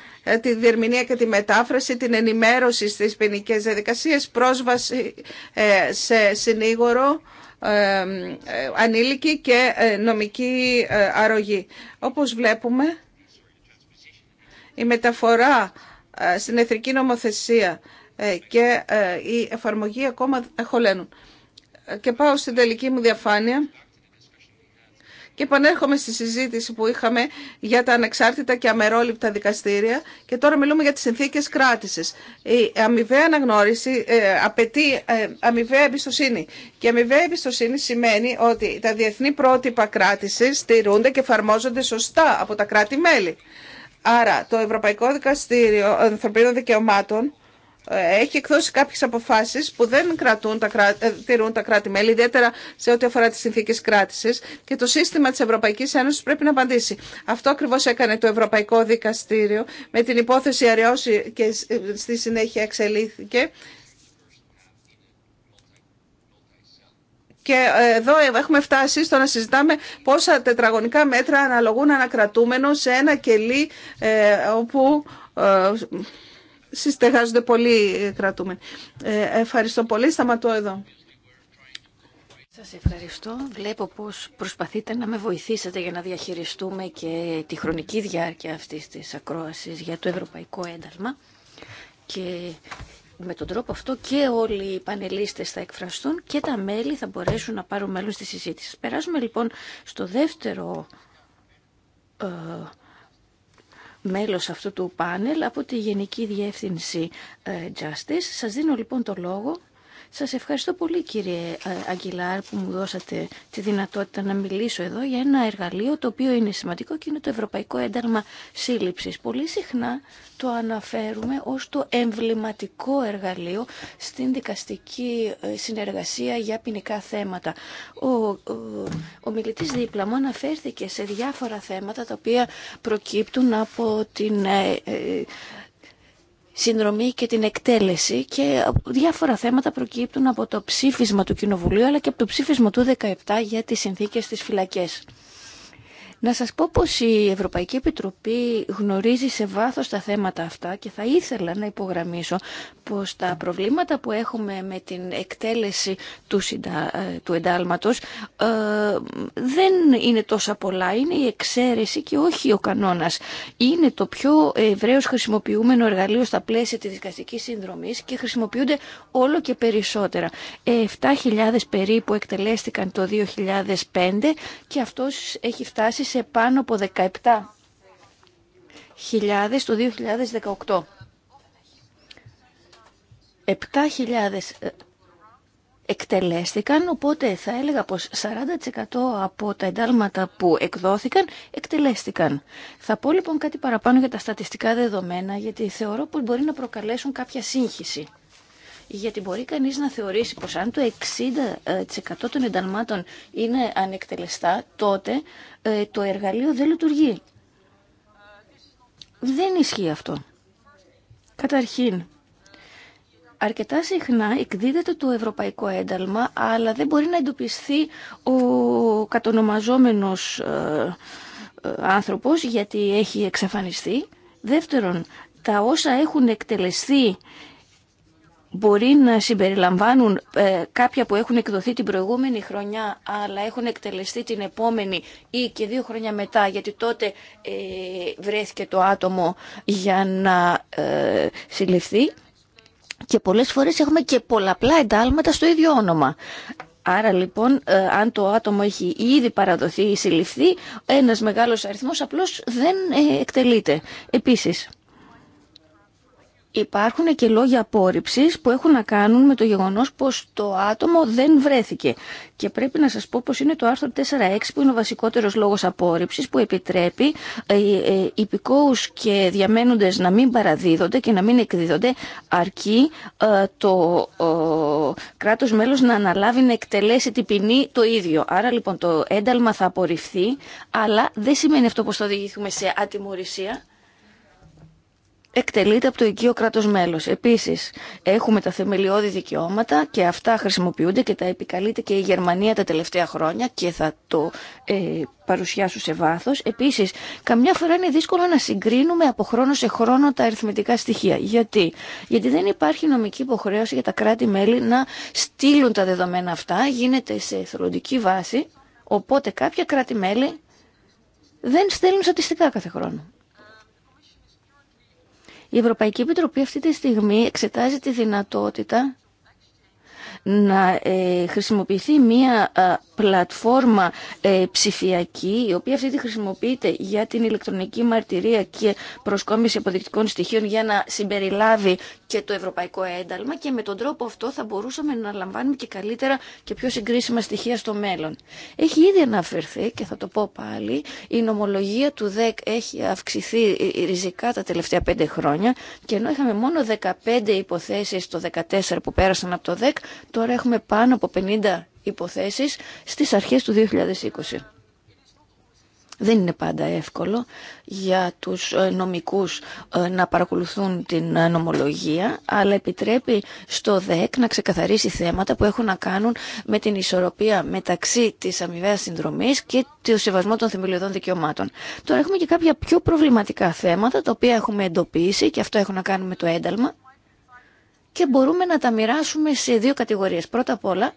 τη διερμηνία και τη μετάφραση, την ενημέρωση στις ποινικέ διαδικασίες, πρόσβαση σε συνήγορο, ανήλικη και νομική αρρωγή. Όπως βλέπουμε, η μεταφορά στην εθνική νομοθεσία ε, και η ε, εφαρμογή ακόμα εχολένουν. Και πάω στην τελική μου διαφάνεια και επανέρχομαι στη συζήτηση που είχαμε για τα ανεξάρτητα και αμερόληπτα δικαστήρια και τώρα μιλούμε για τις συνθήκες κράτησης. Η αμοιβαία αναγνώριση ε, απαιτεί αμοιβαία εμπιστοσύνη και αμοιβαία εμπιστοσύνη σημαίνει ότι τα διεθνή πρότυπα κράτησης στηρούνται και εφαρμόζονται σωστά από τα κράτη-μέλη. Άρα το Ευρωπαϊκό Δικαστήριο Ανθρωπίνων Δικαιωμάτων ε, έχει εκδώσει κάποιες αποφάσεις που δεν κρατούν τα κράτη, ε, τα κράτη-μέλη, ιδιαίτερα σε ό,τι αφορά τις συνθήκες κράτησης και το σύστημα της Ευρωπαϊκής Ένωσης πρέπει να απαντήσει. Αυτό ακριβώς έκανε το Ευρωπαϊκό Δικαστήριο με την υπόθεση αραιώση και ε, στη συνέχεια εξελίχθηκε. Και εδώ έχουμε φτάσει στο να συζητάμε πόσα τετραγωνικά μέτρα αναλογούν ανακρατούμενο σε ένα κελί όπου συστεγάζονται πολύ ε, κρατούμενοι. Ε, ευχαριστώ πολύ. Σταματώ εδώ. Σας ευχαριστώ. Βλέπω πως προσπαθείτε να με βοηθήσετε για να διαχειριστούμε και τη χρονική διάρκεια αυτής της ακρόασης για το ευρωπαϊκό ένταλμα. Και με τον τρόπο αυτό και όλοι οι πανελίστες θα εκφραστούν και τα μέλη θα μπορέσουν να πάρουν μέλος στη συζήτηση. Περάσουμε λοιπόν στο δεύτερο ε, μέλος αυτού του πάνελ από τη Γενική Διεύθυνση ε, Justice. Σας δίνω λοιπόν το λόγο σας ευχαριστώ πολύ κύριε ε, Αγγιλάρ που μου δώσατε τη δυνατότητα να μιλήσω εδώ για ένα εργαλείο το οποίο είναι σημαντικό και είναι το Ευρωπαϊκό Ένταλμα Σύλληψης. Πολύ συχνά το αναφέρουμε ως το εμβληματικό εργαλείο στην δικαστική ε, συνεργασία για ποινικά θέματα. Ο, ο, ο μιλητής δίπλα μου αναφέρθηκε σε διάφορα θέματα τα οποία προκύπτουν από την ε, συνδρομή και την εκτέλεση και διάφορα θέματα προκύπτουν από το ψήφισμα του Κοινοβουλίου αλλά και από το ψήφισμα του 17 για τις συνθήκες στις φυλακές. Να σας πω πως η Ευρωπαϊκή Επιτροπή γνωρίζει σε βάθος τα θέματα αυτά και θα ήθελα να υπογραμμίσω πως τα προβλήματα που έχουμε με την εκτέλεση του, συντα... Ε, του εντάλματος ε, δεν είναι τόσα πολλά, είναι η εξαίρεση και όχι ο κανόνας. Είναι το πιο ευρέως χρησιμοποιούμενο εργαλείο στα πλαίσια της δικαστικής συνδρομής και χρησιμοποιούνται όλο και περισσότερα. 7.000 περίπου εκτελέστηκαν το 2005 και αυτός έχει φτάσει σε πάνω από 17.000 το 2018. 7.000 ε, εκτελέστηκαν, οπότε θα έλεγα πως 40% από τα εντάλματα που εκδόθηκαν εκτελέστηκαν. Θα πω λοιπόν κάτι παραπάνω για τα στατιστικά δεδομένα, γιατί θεωρώ πως μπορεί να προκαλέσουν κάποια σύγχυση γιατί μπορεί κανείς να θεωρήσει πως αν το 60% των ενταλμάτων είναι ανεκτελεστά, τότε ε, το εργαλείο δεν λειτουργεί. Δεν ισχύει αυτό. Καταρχήν, αρκετά συχνά εκδίδεται το ευρωπαϊκό ένταλμα, αλλά δεν μπορεί να εντοπιστεί ο κατονομαζόμενος ε, ε, άνθρωπος, γιατί έχει εξαφανιστεί. Δεύτερον, τα όσα έχουν εκτελεστεί μπορεί να συμπεριλαμβάνουν ε, κάποια που έχουν εκδοθεί την προηγούμενη χρονιά αλλά έχουν εκτελεστεί την επόμενη ή και δύο χρόνια μετά γιατί τότε ε, βρέθηκε το άτομο για να ε, συλληφθεί και πολλές φορές έχουμε και πολλαπλά εντάλματα στο ίδιο όνομα. Άρα λοιπόν, αν το άτομο έχει ήδη παραδοθεί ή συλληφθεί, ένας μεγάλος αριθμός απλώς δεν εκτελείται. Επίσης, υπάρχουν και λόγια απόρριψης που έχουν να κάνουν με το γεγονός πως το άτομο δεν βρέθηκε. Και πρέπει να σας πω πως είναι το άρθρο 4.6 που είναι ο βασικότερος λόγος απόρριψη που επιτρέπει ε, ε, υπηκόους και διαμένοντες να μην παραδίδονται και να μην εκδίδονται αρκεί ε, το κράτο μέλος να αναλάβει να εκτελέσει την ποινή το ίδιο. Άρα λοιπόν το ένταλμα θα απορριφθεί αλλά δεν σημαίνει αυτό πως θα οδηγηθούμε σε ατιμορρησία εκτελείται από το οικείο κράτος μέλος. Επίσης, έχουμε τα θεμελιώδη δικαιώματα και αυτά χρησιμοποιούνται και τα επικαλείται και η Γερμανία τα τελευταία χρόνια και θα το ε, παρουσιάσω σε βάθος. Επίσης, καμιά φορά είναι δύσκολο να συγκρίνουμε από χρόνο σε χρόνο τα αριθμητικά στοιχεία. Γιατί, Γιατί δεν υπάρχει νομική υποχρέωση για τα κράτη-μέλη να στείλουν τα δεδομένα αυτά, γίνεται σε εθελοντική βάση, οπότε κάποια κράτη-μέλη δεν στέλνουν στατιστικά κάθε χρόνο. Η Ευρωπαϊκή Επιτροπή αυτή τη στιγμή εξετάζει τη δυνατότητα να ε, χρησιμοποιηθεί μία ε, πλατφόρμα ε, ψηφιακή η οποία αυτή τη χρησιμοποιείται για την ηλεκτρονική μαρτυρία και προσκόμιση αποδεικτικών στοιχείων για να συμπεριλάβει και το ευρωπαϊκό ένταλμα και με τον τρόπο αυτό θα μπορούσαμε να λαμβάνουμε και καλύτερα και πιο συγκρίσιμα στοιχεία στο μέλλον. Έχει ήδη αναφερθεί και θα το πω πάλι, η νομολογία του ΔΕΚ έχει αυξηθεί ριζικά τα τελευταία πέντε χρόνια και ενώ είχαμε μόνο 15 υποθέσεις το 14 που πέρασαν από το ΔΕΚ, Τώρα έχουμε πάνω από 50 υποθέσεις στις αρχές του 2020. Δεν είναι πάντα εύκολο για τους ε, νομικούς ε, να παρακολουθούν την ε, νομολογία, αλλά επιτρέπει στο ΔΕΚ να ξεκαθαρίσει θέματα που έχουν να κάνουν με την ισορροπία μεταξύ της αμοιβαίας συνδρομής και του σεβασμό των θεμελιωδών δικαιωμάτων. Τώρα έχουμε και κάποια πιο προβληματικά θέματα, τα οποία έχουμε εντοπίσει και αυτό έχουν να κάνουν με το ένταλμα και μπορούμε να τα μοιράσουμε σε δύο κατηγορίες. Πρώτα απ' όλα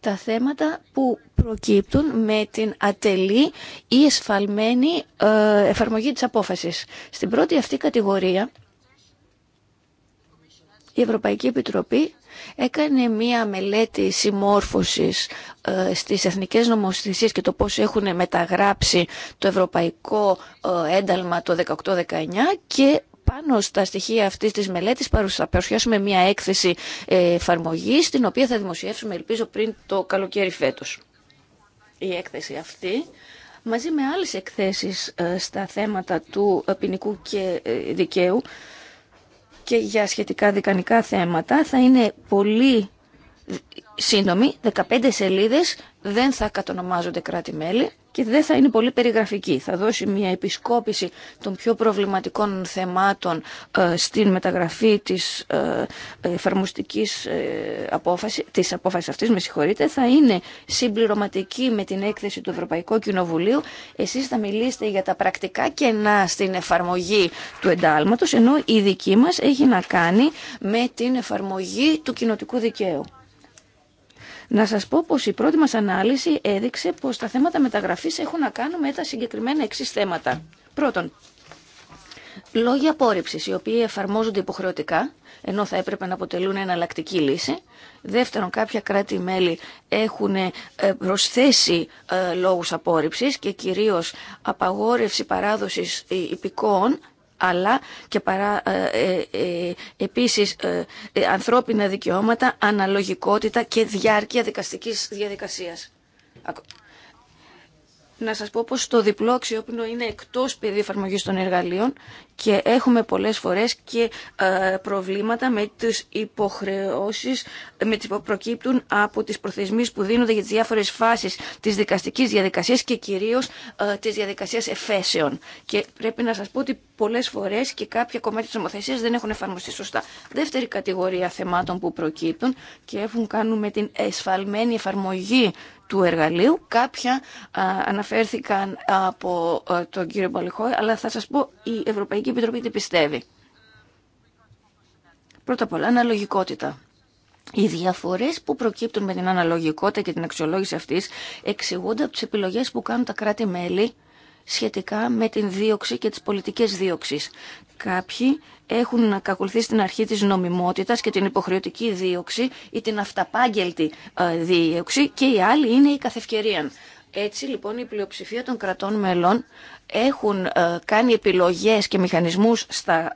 τα θέματα που προκύπτουν με την ατελή ή εσφαλμένη ε, εφαρμογή της απόφασης. Στην πρώτη αυτή κατηγορία η Ευρωπαϊκή Επιτροπή έκανε μία μελέτη συμμόρφωσης ε, στις εθνικές νομοθεσίες και το πώς έχουν μεταγράψει το ευρωπαϊκό ε, ένταλμα το 18-19 και πάνω στα στοιχεία αυτής της μελέτης θα παρουσιάσουμε μια έκθεση ε, εφαρμογή, την οποία θα δημοσιεύσουμε ελπίζω πριν το καλοκαίρι φέτο. Η έκθεση αυτή μαζί με άλλες εκθέσεις ε, στα θέματα του ποινικού και ε, δικαίου και για σχετικά δικανικά θέματα θα είναι πολύ σύντομη, 15 σελίδες, δεν θα κατονομάζονται κράτη-μέλη και δεν θα είναι πολύ περιγραφική. Θα δώσει μια επισκόπηση των πιο προβληματικών θεμάτων ε, στην μεταγραφή της ε, εφαρμοστικής ε, απόφαση, της απόφασης αυτής, με θα είναι συμπληρωματική με την έκθεση του Ευρωπαϊκού Κοινοβουλίου. Εσείς θα μιλήσετε για τα πρακτικά κενά στην εφαρμογή του εντάλματος, ενώ η δική μας έχει να κάνει με την εφαρμογή του κοινοτικού δικαίου. Να σας πω πως η πρώτη μας ανάλυση έδειξε πως τα θέματα μεταγραφής έχουν να κάνουν με τα συγκεκριμένα εξή θέματα. Πρώτον, λόγια απόρριψης, οι οποίοι εφαρμόζονται υποχρεωτικά, ενώ θα έπρεπε να αποτελούν εναλλακτική λύση. Δεύτερον, κάποια κράτη-μέλη έχουν ε, προσθέσει ε, λόγους απόρριψης και κυρίως απαγόρευση παράδοσης υπηκόων αλλά και παρά, ε, ε, ε επίσης ε, ανθρώπινα δικαιώματα, αναλογικότητα και διάρκεια δικαστικής διαδικασίας. Να σας πω πως το διπλό αξιόπινο είναι εκτός πεδίου των εργαλείων και έχουμε πολλές φορές και ε, προβλήματα με τις υποχρεώσεις με τις που προκύπτουν από τις προθεσμίες που δίνονται για τις διάφορες φάσεις της δικαστικής διαδικασίας και κυρίως ε, της διαδικασίας εφέσεων. Και πρέπει να σας πω ότι πολλές φορές και κάποια κομμάτια της νομοθεσίας δεν έχουν εφαρμοστεί σωστά. Δεύτερη κατηγορία θεμάτων που προκύπτουν και έχουν κάνουν με την εσφαλμένη εφαρμογή του εργαλείου. Κάποια ε, αναφέρθηκαν από τον κύριο Μπαλιχόη, αλλά θα σας πω η Ευρωπαϊκή Ευρωπαϊκή Επιτροπή τι πιστεύει. Πρώτα απ' όλα, αναλογικότητα. Οι διαφορές που προκύπτουν με την αναλογικότητα και την αξιολόγηση αυτής εξηγούνται από τις επιλογές που κάνουν τα κράτη-μέλη σχετικά με την δίωξη και τις πολιτικές δίωξη. Κάποιοι έχουν κακολουθεί στην αρχή της νομιμότητας και την υποχρεωτική δίωξη ή την αυταπάγγελτη ε, δίωξη και οι άλλοι είναι η καθευκαιρίαν. Έτσι λοιπόν η πλειοψηφία των κρατών μελών έχουν ε, κάνει επιλογές και μηχανισμούς στα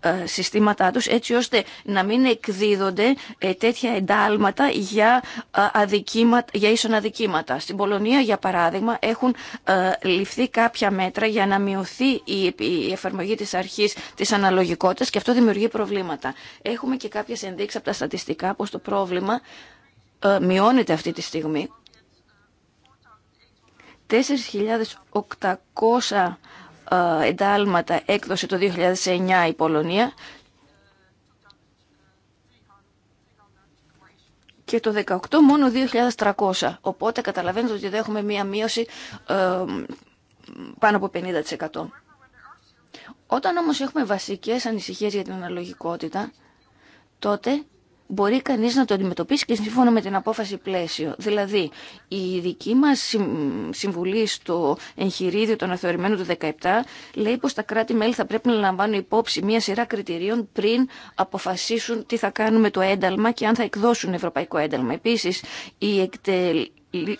ε, ε, συστήματά τους έτσι ώστε να μην εκδίδονται τέτοια εντάλματα για, αδικήματα, για ίσον αδικήματα. Στην Πολωνία, για παράδειγμα, έχουν ληφθεί κάποια μέτρα για να μειωθεί η εφαρμογή της αρχής της αναλογικότητας και αυτό δημιουργεί προβλήματα. Έχουμε και κάποιες ενδείξεις από τα στατιστικά πως το πρόβλημα μειώνεται αυτή τη στιγμή 4.800 ε, εντάλματα έκδοσε το 2009 η Πολωνία και το 18 μόνο 2.300. Οπότε καταλαβαίνετε ότι δεν έχουμε μία μείωση ε, πάνω από 50%. Όταν όμως έχουμε βασικές ανησυχίες για την αναλογικότητα, τότε μπορεί κανείς να το αντιμετωπίσει και σύμφωνα με την απόφαση πλαίσιο. Δηλαδή, η δική μας συμβουλή στο εγχειρίδιο των αθεωρημένων του 17 λέει πως τα κράτη-μέλη θα πρέπει να λαμβάνουν υπόψη μία σειρά κριτηρίων πριν αποφασίσουν τι θα κάνουν με το ένταλμα και αν θα εκδώσουν ευρωπαϊκό ένταλμα. Επίσης, η, εκτελ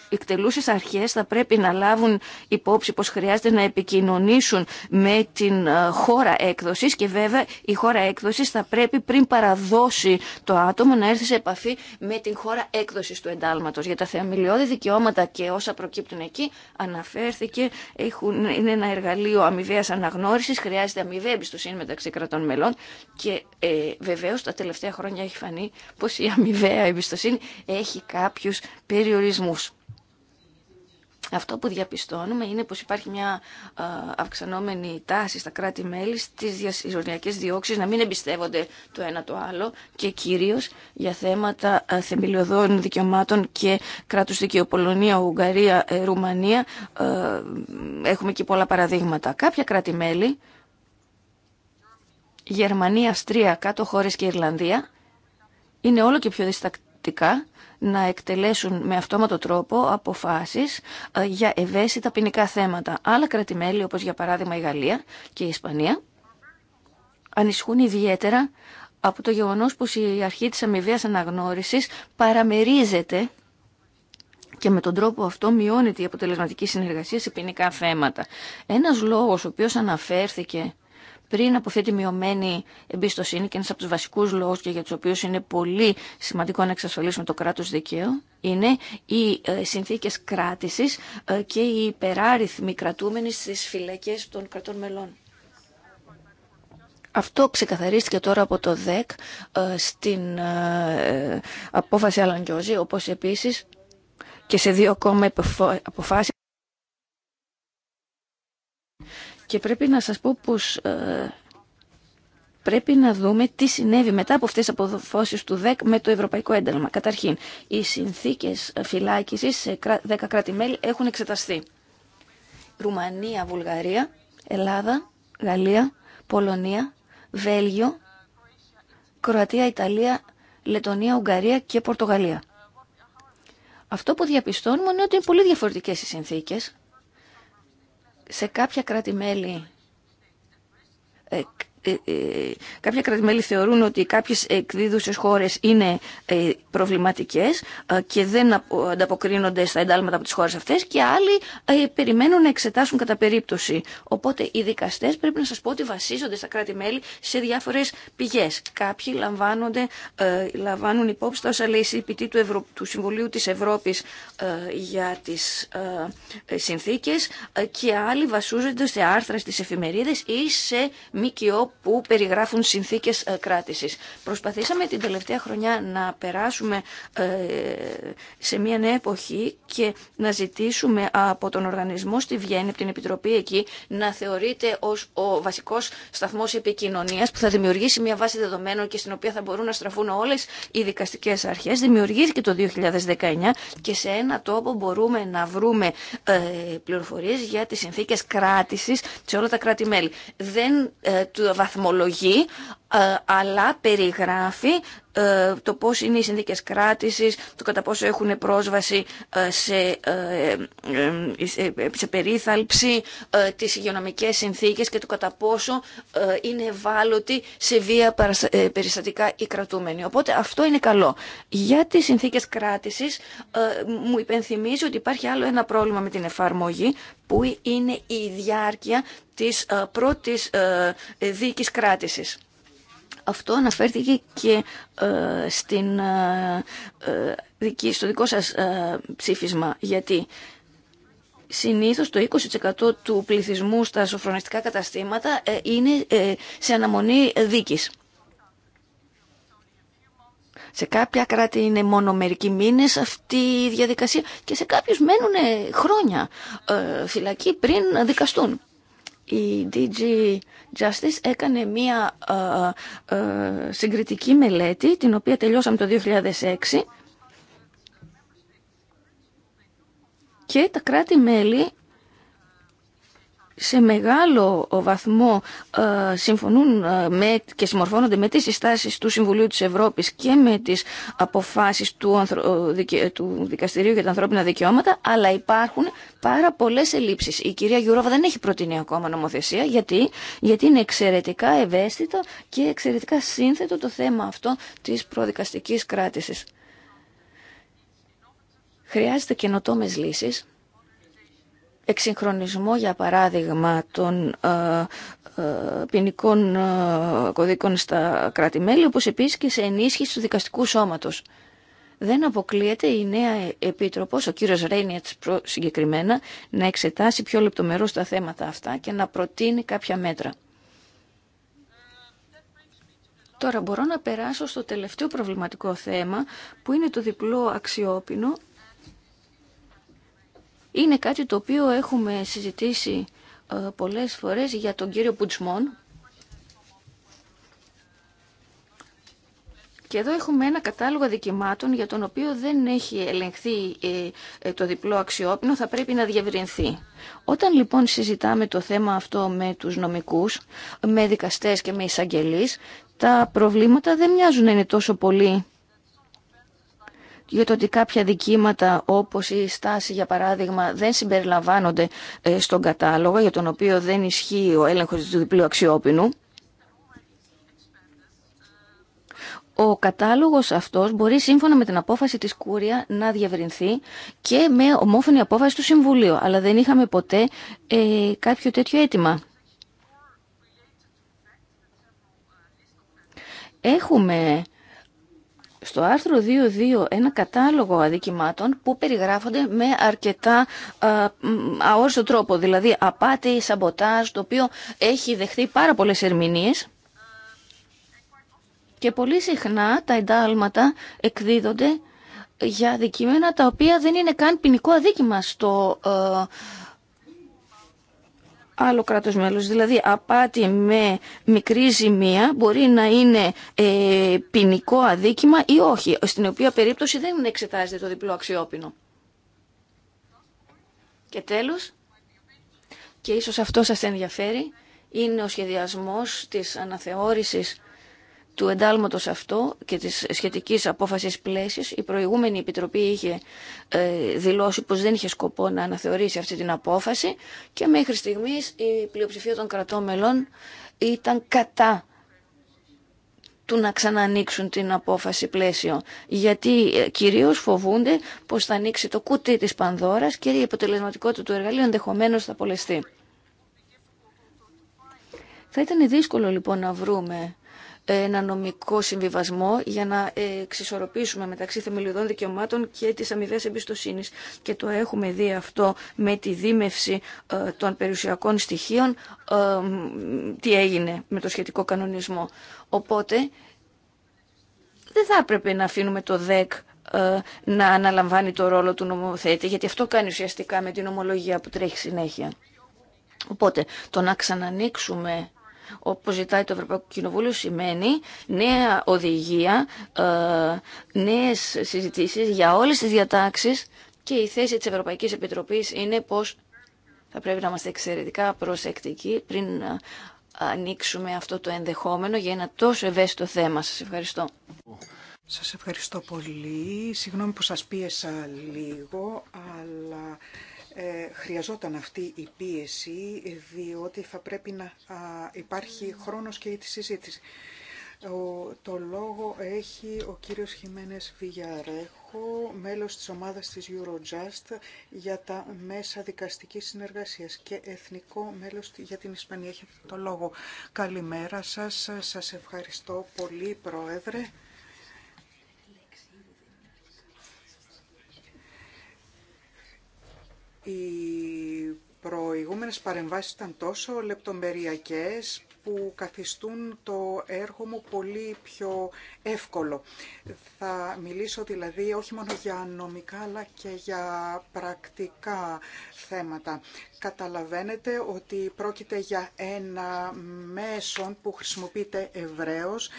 εκτελούσες αρχές θα πρέπει να λάβουν υπόψη πως χρειάζεται να επικοινωνήσουν με την ε, χώρα έκδοσης και βέβαια η χώρα έκδοσης θα πρέπει πριν παραδώσει το άτομο να έρθει σε επαφή με την χώρα έκδοσης του εντάλματος. Για τα θεαμιλιώδη δικαιώματα και όσα προκύπτουν εκεί αναφέρθηκε, έχουν, είναι ένα εργαλείο αμοιβαία αναγνώρισης, χρειάζεται αμοιβαία εμπιστοσύνη μεταξύ κρατών μελών και ε, βεβαίως τα τελευταία χρόνια έχει φανεί πως η αμοιβαία εμπιστοσύνη έχει κάποιους περιορισμού αυτό που διαπιστώνουμε είναι πως υπάρχει μια αυξανόμενη τάση στα κράτη-μέλη στις διοριακές διώξεις να μην εμπιστεύονται το ένα το άλλο και κυρίως για θέματα θεμελιωδών δικαιωμάτων και κράτους δικαίου. Ουγγαρία, ε, Ρουμανία έχουμε και πολλά παραδείγματα. Κάποια κράτη-μέλη, Γερμανία, Αυστρία, κάτω χώρες και Ιρλανδία είναι όλο και πιο διστακτικά να εκτελέσουν με αυτόματο τρόπο αποφάσεις ε, για ευαίσθητα ποινικά θέματα. Άλλα κρατημέλη, όπως για παράδειγμα η Γαλλία και η Ισπανία, ανισχούν ιδιαίτερα από το γεγονός πως η αρχή της αμοιβαίας αναγνώρισης παραμερίζεται και με τον τρόπο αυτό μειώνεται η αποτελεσματική συνεργασία σε ποινικά θέματα. Ένας λόγος ο οποίος αναφέρθηκε πριν από αυτή τη μειωμένη εμπιστοσύνη και ένας από τους βασικούς λόγους και για τους οποίους είναι πολύ σημαντικό να εξασφαλίσουμε το κράτος δικαίου είναι οι ε, συνθήκες κράτησης ε, και οι υπεράριθμοι κρατούμενοι στις φυλακές των κρατών μελών. Αυτό ξεκαθαρίστηκε τώρα από το ΔΕΚ ε, στην απόφαση Αλαντιόζη, όπως επίσης και σε δύο ακόμα αποφάσεις και πρέπει να σας πω πως ε, πρέπει να δούμε τι συνέβη μετά από αυτές τις αποφώσεις του ΔΕΚ με το Ευρωπαϊκό Ένταλμα. Καταρχήν, οι συνθήκες φυλάκισης σε 10 κράτη-μέλη έχουν εξεταστεί. Ρουμανία, Βουλγαρία, Ελλάδα, Γαλλία, Πολωνία, Βέλγιο, Κροατία, Ιταλία, Λετωνία, Ουγγαρία και Πορτογαλία. Αυτό που διαπιστώνουμε είναι ότι είναι πολύ διαφορετικές οι συνθήκες σε κάποια κράτη-μέλη ε, ε, ε, κάποια κρατημέλη θεωρούν ότι κάποιες εκδίδουσες χώρες είναι ε, προβληματικές και δεν ανταποκρίνονται στα εντάλματα από τις χώρες αυτές και άλλοι περιμένουν να εξετάσουν κατά περίπτωση. Οπότε οι δικαστές πρέπει να σας πω ότι βασίζονται στα κρατη σε διάφορες πηγές. Κάποιοι λαμβάνονται, λαμβάνουν υπόψη τα όσα λέει η CPT του, του Συμβουλίου της Ευρώπης για τις συνθήκες και άλλοι βασίζονται σε άρθρα στις εφημερίδες ή σε ΜΚΟ που περιγράφουν συνθήκες ε, κράτησης. Προσπαθήσαμε την τελευταία χρονιά να περάσουμε ε, σε μια νέα εποχή και να ζητήσουμε από τον οργανισμό στη Βιέννη, από την Επιτροπή εκεί, να θεωρείται ως ο βασικός σταθμός επικοινωνίας που θα δημιουργήσει μια βάση δεδομένων και στην οποία θα μπορούν να στραφούν όλες οι δικαστικές αρχές. Δημιουργήθηκε το 2019 και σε ένα τόπο μπορούμε να βρούμε ε, πληροφορίες για τις συνθήκες κράτησης σε όλα τα κράτη-μέλη. Δεν βαθμολογεί ε, αλλά περιγράφει ε, το πώς είναι οι συνδίκες κράτησης, το κατά πόσο έχουν πρόσβαση ε, σε, σε περίθαλψη, τις υγειονομικές συνθήκες και το κατά πόσο είναι ευάλωτοι σε βία περιστατικά οι κρατούμενοι. Οπότε αυτό είναι καλό. Για τις συνθήκες κράτησης μου υπενθυμίζει ότι υπάρχει άλλο ένα πρόβλημα με την εφαρμογή που είναι η διάρκεια της πρώτης δίκης κράτησης. Αυτό αναφέρθηκε και ε, στην, ε, ε, στο δικό σας ψήφισμα. Γιατί συνήθως το 20% του πληθυσμού στα σοφρονιστικά καταστήματα είναι σε αναμονή δίκης. Σε κάποια κράτη είναι μόνο μερικοί μήνες αυτή η διαδικασία και σε κάποιους μένουν χρόνια φυλακή πριν δικαστούν η DG Justice έκανε μία ε, ε, συγκριτική μελέτη, την οποία τελειώσαμε το 2006, και τα κράτη-μέλη σε μεγάλο βαθμό ε, συμφωνούν ε, με και συμμορφώνονται με τις συστάσεις του Συμβουλίου της Ευρώπης και με τις αποφάσεις του, του Δικαστηρίου για τα Ανθρώπινα Δικαιώματα, αλλά υπάρχουν πάρα πολλές ελλείψεις. Η κυρία Γιουρόβα δεν έχει προτείνει ακόμα νομοθεσία, γιατί, γιατί είναι εξαιρετικά ευαίσθητο και εξαιρετικά σύνθετο το θέμα αυτό της προδικαστικής κράτησης. Χρειάζεται καινοτόμες λύσεις εξυγχρονισμό, για παράδειγμα, των ε, ε, ποινικών ε, κωδίκων στα κράτη-μέλη, όπως επίσης και σε ενίσχυση του δικαστικού σώματος. Δεν αποκλείεται η νέα επίτροπος, ο κύριος Ρέινιετς συγκεκριμένα, να εξετάσει πιο λεπτομερώς τα θέματα αυτά και να προτείνει κάποια μέτρα. Τώρα μπορώ να περάσω στο τελευταίο προβληματικό θέμα που είναι το διπλό αξιόπινο είναι κάτι το οποίο έχουμε συζητήσει ε, πολλές φορές για τον κύριο Πουτσμόν. Και εδώ έχουμε ένα κατάλογο δικημάτων για τον οποίο δεν έχει ελεγχθεί ε, ε, το διπλό αξιόπινο, θα πρέπει να διευρυνθεί. Όταν λοιπόν συζητάμε το θέμα αυτό με τους νομικούς, με δικαστές και με εισαγγελείς, τα προβλήματα δεν μοιάζουν να είναι τόσο πολύ για το ότι κάποια δικήματα όπως η στάση για παράδειγμα δεν συμπεριλαμβάνονται ε, στον κατάλογο για τον οποίο δεν ισχύει ο έλεγχος του διπλού αξιόπινου. Ο κατάλογος αυτός μπορεί σύμφωνα με την απόφαση της Κούρια να διευρυνθεί και με ομόφωνη απόφαση του Συμβουλίου. Αλλά δεν είχαμε ποτέ ε, κάποιο τέτοιο αίτημα. Έχουμε στο άρθρο 2.2 ένα κατάλογο αδικημάτων που περιγράφονται με αρκετά αόριστο τρόπο, δηλαδή απάτη, σαμποτάζ, το οποίο έχει δεχθεί πάρα πολλές ερμηνείες και πολύ συχνά τα εντάλματα εκδίδονται για αδικημένα τα οποία δεν είναι καν ποινικό αδίκημα στο άλλο κράτος μέλος. Δηλαδή απάτη με μικρή ζημία μπορεί να είναι ε, ποινικό αδίκημα ή όχι, στην οποία περίπτωση δεν εξετάζεται το διπλό αξιόπινο. Και τέλος, και ίσως αυτό σας ενδιαφέρει, είναι ο σχεδιασμός της αναθεώρησης του εντάλματος αυτό και της σχετικής απόφασης πλαίσιο. Η προηγούμενη Επιτροπή είχε ε, δηλώσει πως δεν είχε σκοπό να αναθεωρήσει αυτή την απόφαση και μέχρι στιγμής η πλειοψηφία των κρατών μελών ήταν κατά του να ξανανοίξουν την απόφαση πλαίσιο. Γιατί ε, κυρίως φοβούνται πως θα ανοίξει το κουτί της Πανδώρας και η αποτελεσματικότητα του εργαλείου ενδεχομένως θα πολεστεί. Θα ήταν δύσκολο λοιπόν να βρούμε ένα νομικό συμβιβασμό για να εξισορροπήσουμε μεταξύ θεμελιωδών δικαιωμάτων και της αμοιβέ εμπιστοσύνη. Και το έχουμε δει αυτό με τη δίμευση ε, των περιουσιακών στοιχείων, ε, τι έγινε με το σχετικό κανονισμό. Οπότε δεν θα έπρεπε να αφήνουμε το ΔΕΚ ε, να αναλαμβάνει το ρόλο του νομοθέτη, γιατί αυτό κάνει ουσιαστικά με την ομολογία που τρέχει συνέχεια. Οπότε, το να ξανανοίξουμε όπως ζητάει το Ευρωπαϊκό Κοινοβούλιο, σημαίνει νέα οδηγία, ε, νέες συζητήσεις για όλες τις διατάξεις και η θέση της Ευρωπαϊκής Επιτροπής είναι πως θα πρέπει να είμαστε εξαιρετικά προσεκτικοί πριν ε, ανοίξουμε αυτό το ενδεχόμενο για ένα τόσο ευαίσθητο θέμα. Σας ευχαριστώ. Σας ευχαριστώ πολύ. Συγγνώμη που σας πίεσα λίγο, αλλά ε, χρειαζόταν αυτή η πίεση διότι θα πρέπει να υπάρχει χρόνος και η συζήτηση. Ο, το λόγο έχει ο κύριος Χιμένες Βιγιαρέχο, μέλος της ομάδας της Eurojust για τα μέσα δικαστικής συνεργασίας και εθνικό μέλος για την Ισπανία. Έχετε το λόγο. Καλημέρα σας. Σας ευχαριστώ πολύ, Πρόεδρε. Οι προηγούμενες παρεμβάσεις ήταν τόσο λεπτομεριακές που καθιστούν το έργο μου πολύ πιο εύκολο. Θα μιλήσω δηλαδή όχι μόνο για νομικά αλλά και για πρακτικά θέματα. Καταλαβαίνετε ότι πρόκειται για ένα μέσον που χρησιμοποιείται ευρέως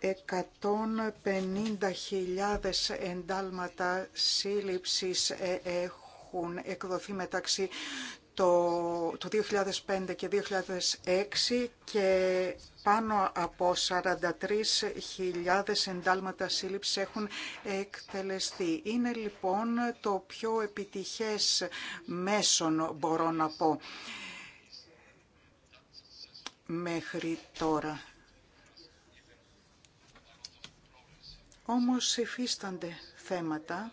150.000 εντάλματα σύλληψης ε, έχουν εκδοθεί μεταξύ το, 2005 και 2006 και πάνω από 43.000 εντάλματα σύλληψης έχουν εκτελεστεί. Είναι λοιπόν το πιο επιτυχές μέσον μπορώ να πω μέχρι τώρα. Όμως υφίστανται θέματα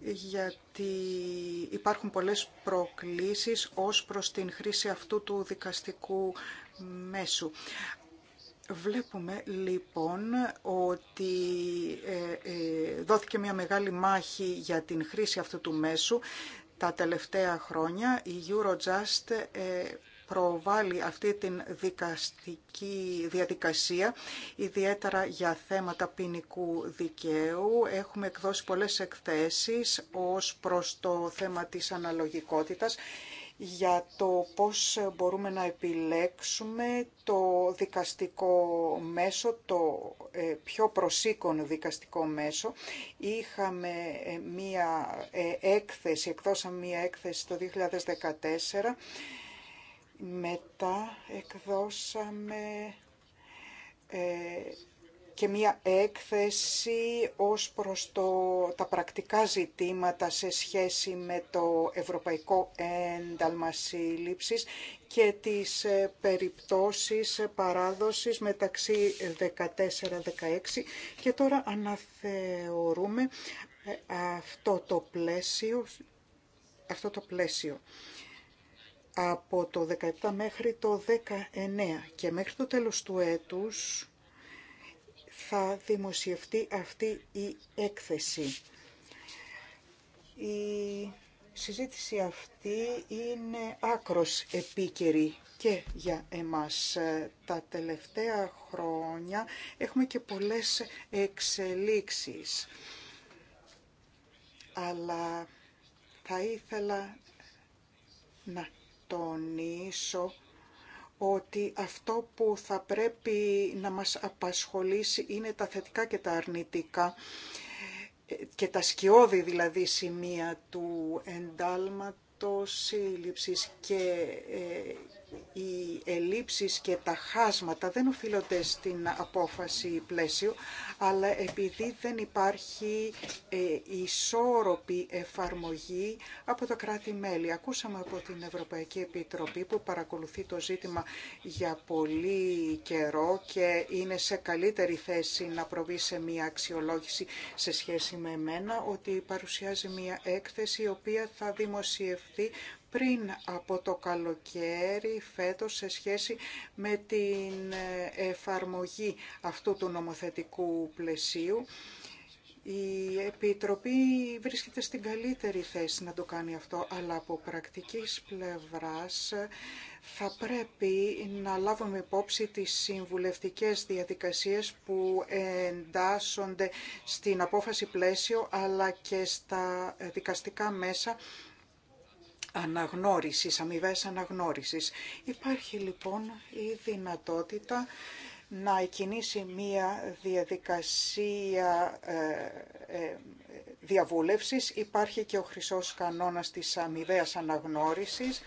γιατί υπάρχουν πολλές προκλήσεις ως προς την χρήση αυτού του δικαστικού μέσου. Βλέπουμε λοιπόν ότι ε, ε, δόθηκε μια μεγάλη μάχη για την χρήση αυτού του μέσου τα τελευταία χρόνια. Η Eurojust ε, προβάλλει αυτή την δικαστική διαδικασία, ιδιαίτερα για θέματα ποινικού δικαίου. Έχουμε εκδώσει πολλές εκθέσεις ως προς το θέμα της αναλογικότητας για το πώς μπορούμε να επιλέξουμε το δικαστικό μέσο, το ε, πιο προσήκον δικαστικό μέσο. Είχαμε ε, μία ε, έκθεση, εκδώσαμε μία έκθεση το 2014 μετά εκδώσαμε ε, και μία έκθεση ως προς το, τα πρακτικά ζητήματα σε σχέση με το Ευρωπαϊκό Ένταλμα Σύλληψης και τις ε, περιπτώσεις παράδοσης μεταξύ 14-16 και τώρα αναθεωρούμε ε, αυτό το πλαίσιο. Αυτό το πλαίσιο από το 17 μέχρι το 19 και μέχρι το τέλος του έτους θα δημοσιευτεί αυτή η έκθεση. Η συζήτηση αυτή είναι άκρος επίκαιρη και για εμάς. Τα τελευταία χρόνια έχουμε και πολλές εξελίξεις. Αλλά θα ήθελα να τονίσω ότι αυτό που θα πρέπει να μας απασχολήσει είναι τα θετικά και τα αρνητικά και τα σκιώδη δηλαδή σημεία του εντάλματος σύλληψης και ε, οι ελλείψεις και τα χάσματα δεν οφείλονται στην απόφαση πλαίσιο, αλλά επειδή δεν υπάρχει ε, ισόρροπη εφαρμογή από τα κράτη-μέλη. Ακούσαμε από την Ευρωπαϊκή Επιτροπή που παρακολουθεί το ζήτημα για πολύ καιρό και είναι σε καλύτερη θέση να προβεί σε μια αξιολόγηση σε σχέση με εμένα, ότι παρουσιάζει μια έκθεση η οποία θα δημοσιευθεί πριν από το καλοκαίρι φέτος σε σχέση με την ε, εφαρμογή αυτού του νομοθετικού πλαισίου. Η Επιτροπή βρίσκεται στην καλύτερη θέση να το κάνει αυτό, αλλά από πρακτικής πλευράς ε, θα πρέπει να λάβουμε υπόψη τις συμβουλευτικές διαδικασίες που εντάσσονται στην απόφαση πλαίσιο, αλλά και στα δικαστικά μέσα αναγνώρισης, αμοιβέ αναγνώρισης. Υπάρχει λοιπόν η δυνατότητα να εκινήσει μία διαδικασία ε, ε, διαβούλευσης. Υπάρχει και ο χρυσός κανόνας της αμοιβαίας αναγνώρισης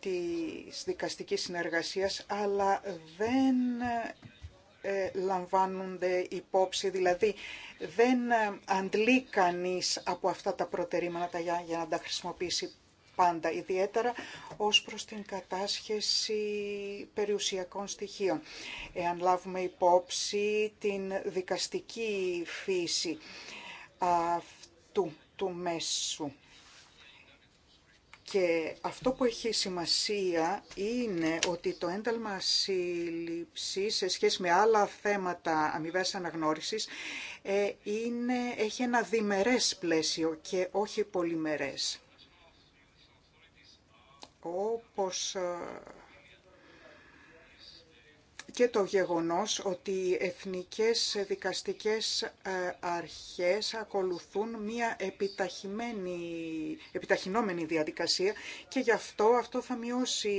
της δικαστικής συνεργασίας, αλλά δεν ε, λαμβάνονται υπόψη, δηλαδή δεν ε, αντλεί κανείς από αυτά τα προτερήματα για, για να τα χρησιμοποιήσει πάντα, ιδιαίτερα ως προς την κατάσχεση περιουσιακών στοιχείων. Εάν λάβουμε υπόψη την δικαστική φύση αυτού του μέσου. Και αυτό που έχει σημασία είναι ότι το ένταλμα σύλληψη σε σχέση με άλλα θέματα αμοιβές αναγνώρισης ε, είναι, έχει ένα διμερές πλαίσιο και όχι πολυμερές. Όπως ε, και το γεγονός ότι οι εθνικές δικαστικές ε, αρχές ακολουθούν μία επιταχυμένη επιταχυνόμενη διαδικασία και γι' αυτό αυτό θα μειώσει,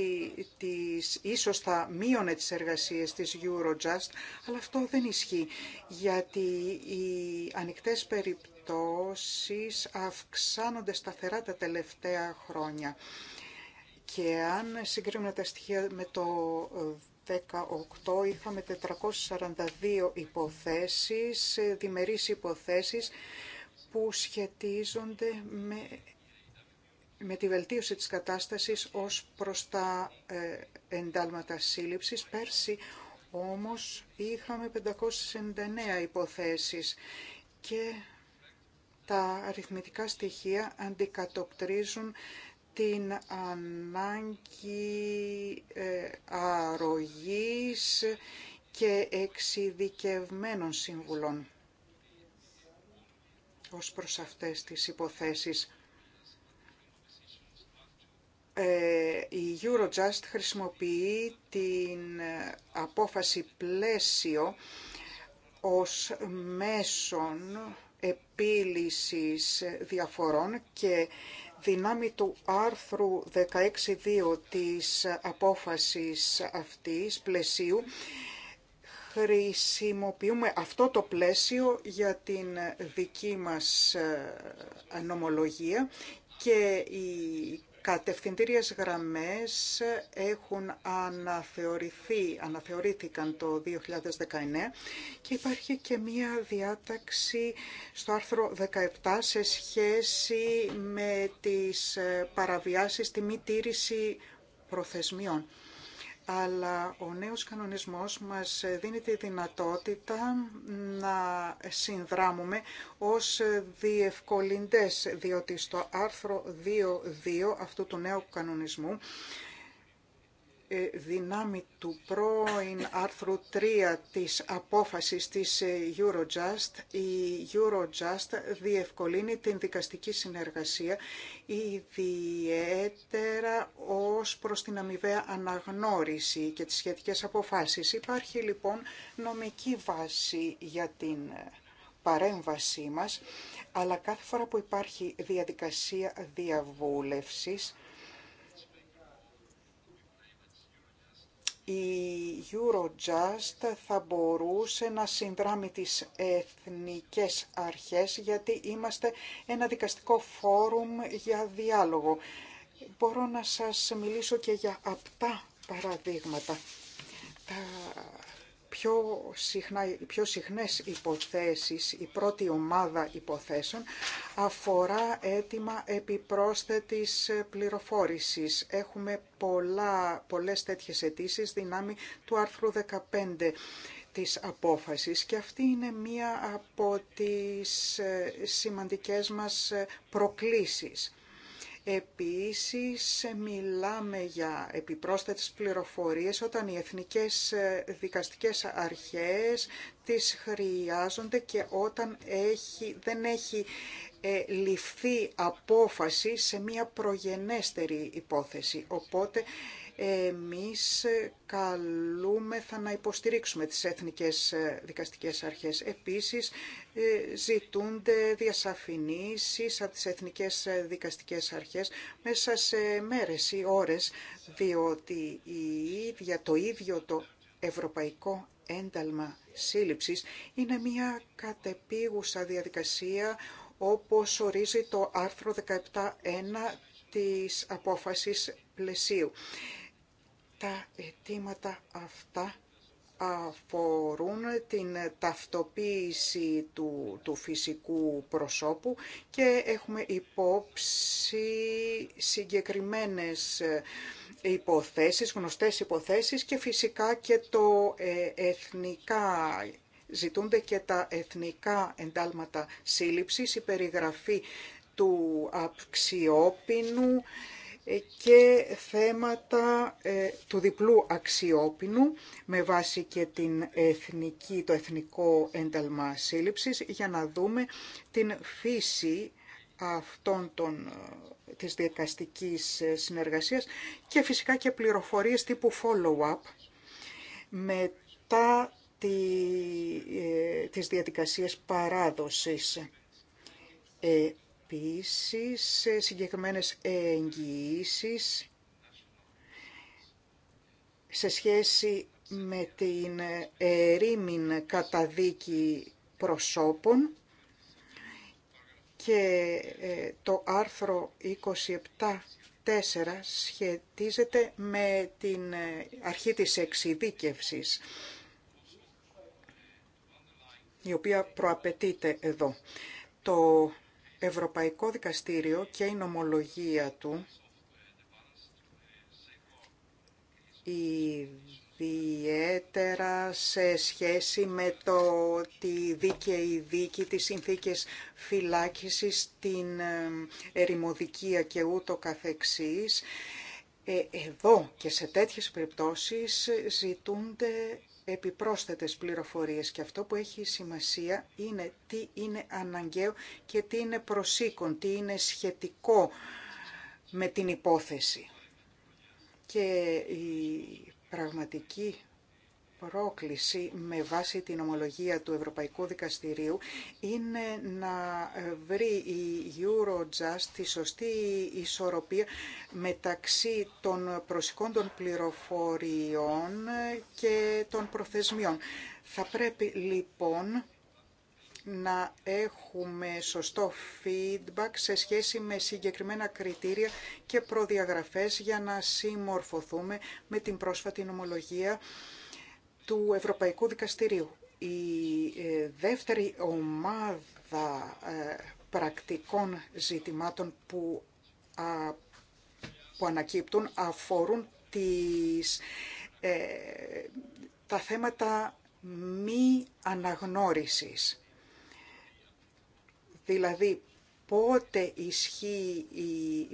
τις, ίσως θα μείωνε τις εργασίες της Eurojust, αλλά αυτό δεν ισχύει, γιατί οι ανοιχτές περιπτώσεις αυξάνονται σταθερά τα τελευταία χρόνια. Και αν συγκρίνουμε τα στοιχεία με το 18 είχαμε 442 υποθέσεις, ε, διμερείς υποθέσεις που σχετίζονται με με τη βελτίωση της κατάστασης ως προς τα ε, εντάλματα σύλληψης. Πέρσι όμως είχαμε 599 υποθέσεις και τα αριθμητικά στοιχεία αντικατοπτρίζουν την ανάγκη ε, αρρωγής και εξειδικευμένων συμβουλών ως προς αυτές τις υποθέσεις. Ε, η Eurojust χρησιμοποιεί την ε, απόφαση πλαίσιο ως μέσον επίλυσης διαφορών και δυνάμει του άρθρου 16.2 της απόφασης αυτής πλαισίου χρησιμοποιούμε αυτό το πλαίσιο για την δική μας ε, νομολογία και η κατευθυντήριες γραμμές έχουν αναθεωρηθεί, αναθεωρήθηκαν το 2019 και υπάρχει και μία διάταξη στο άρθρο 17 σε σχέση με τις παραβιάσεις, τη μη τήρηση προθεσμιών αλλά ο νέος κανονισμός μας δίνει τη δυνατότητα να συνδράμουμε ως διευκολυντές, διότι στο άρθρο 2.2 αυτού του νέου κανονισμού ε, δυνάμει του πρώην άρθρου 3 της απόφασης της ε, Eurojust, η Eurojust διευκολύνει την δικαστική συνεργασία ιδιαίτερα ως προς την αμοιβαία αναγνώριση και τις σχετικές αποφάσεις. Υπάρχει λοιπόν νομική βάση για την ε, παρέμβασή μας, αλλά κάθε φορά που υπάρχει διαδικασία διαβούλευσης, η Eurojust θα μπορούσε να συνδράμει τις εθνικές αρχές γιατί είμαστε ένα δικαστικό φόρουμ για διάλογο. Μπορώ να σας μιλήσω και για απτά παραδείγματα πιο, συχνά, οι πιο συχνές υποθέσεις, η πρώτη ομάδα υποθέσεων αφορά αίτημα επιπρόσθετης πληροφόρησης. Έχουμε πολλά, πολλές τέτοιες αιτήσει δυνάμει του άρθρου 15 της απόφασης και αυτή είναι μία από τις ε, σημαντικές μας ε, προκλήσεις Επίσης, μιλάμε για επιπρόσθετες πληροφορίες όταν οι εθνικές ε, δικαστικές αρχές τις χρειάζονται και όταν έχει, δεν έχει ε, ληφθεί απόφαση σε μια προγενέστερη υπόθεση. Οπότε εμείς θα να υποστηρίξουμε τις εθνικές ε, δικαστικές αρχές. Επίσης, ε, ζητούνται διασαφηνίσεις από τις εθνικές ε, δικαστικές αρχές μέσα σε μέρες ή ώρες, διότι η ίδια, το ίδιο το ευρωπαϊκό ένταλμα σύλληψης είναι μια κατεπίγουσα διαδικασία όπως ορίζει το άρθρο 17.1 της απόφασης πλαισίου τα αιτήματα αυτά αφορούν την ταυτοποίηση του, του φυσικού προσώπου και έχουμε υπόψη συγκεκριμένες ε, υποθέσεις, γνωστές υποθέσεις και φυσικά και το ε, εθνικά ζητούνται και τα εθνικά εντάλματα σύλληψης, η περιγραφή του αξιόπινου, ε, και θέματα ε, του διπλού αξιόπινου με βάση και την εθνική, το εθνικό ένταλμα σύλληψης για να δούμε την φύση αυτών των, ε, της διακαστικής συνεργασίας και φυσικά και πληροφορίες τύπου follow-up μετά τη, ε, τις διαδικασίες παράδοσης σε συγκεκριμένες εγγυήσεις σε σχέση με την ερήμην καταδίκη προσώπων και ε, το άρθρο 27.4 σχετίζεται με την ε, αρχή της εξειδίκευσης η οποία προαπαιτείται εδώ. Το Ευρωπαϊκό Δικαστήριο και η νομολογία του ιδιαίτερα σε σχέση με το τη δίκαιη δίκη, τις συνθήκες φυλάκισης, την ερημοδικία και ούτω καθεξής. Ε, εδώ και σε τέτοιες περιπτώσεις ζητούνται επιπρόσθετες πληροφορίες και αυτό που έχει σημασία είναι τι είναι αναγκαίο και τι είναι προσήκον, τι είναι σχετικό με την υπόθεση. Και η πραγματική πρόκληση με βάση την ομολογία του Ευρωπαϊκού Δικαστηρίου είναι να βρει η Eurojust τη σωστή ισορροπία μεταξύ των των πληροφοριών και των προθεσμιών. Θα πρέπει λοιπόν να έχουμε σωστό feedback σε σχέση με συγκεκριμένα κριτήρια και προδιαγραφές για να συμμορφωθούμε με την πρόσφατη ομολογία του Ευρωπαϊκού Δικαστηρίου. Η ε, δεύτερη ομάδα ε, πρακτικών ζητημάτων που, που ανακύπτουν αφορούν τις, ε, τα θέματα μη αναγνώρισης. Δηλαδή πότε ισχύει η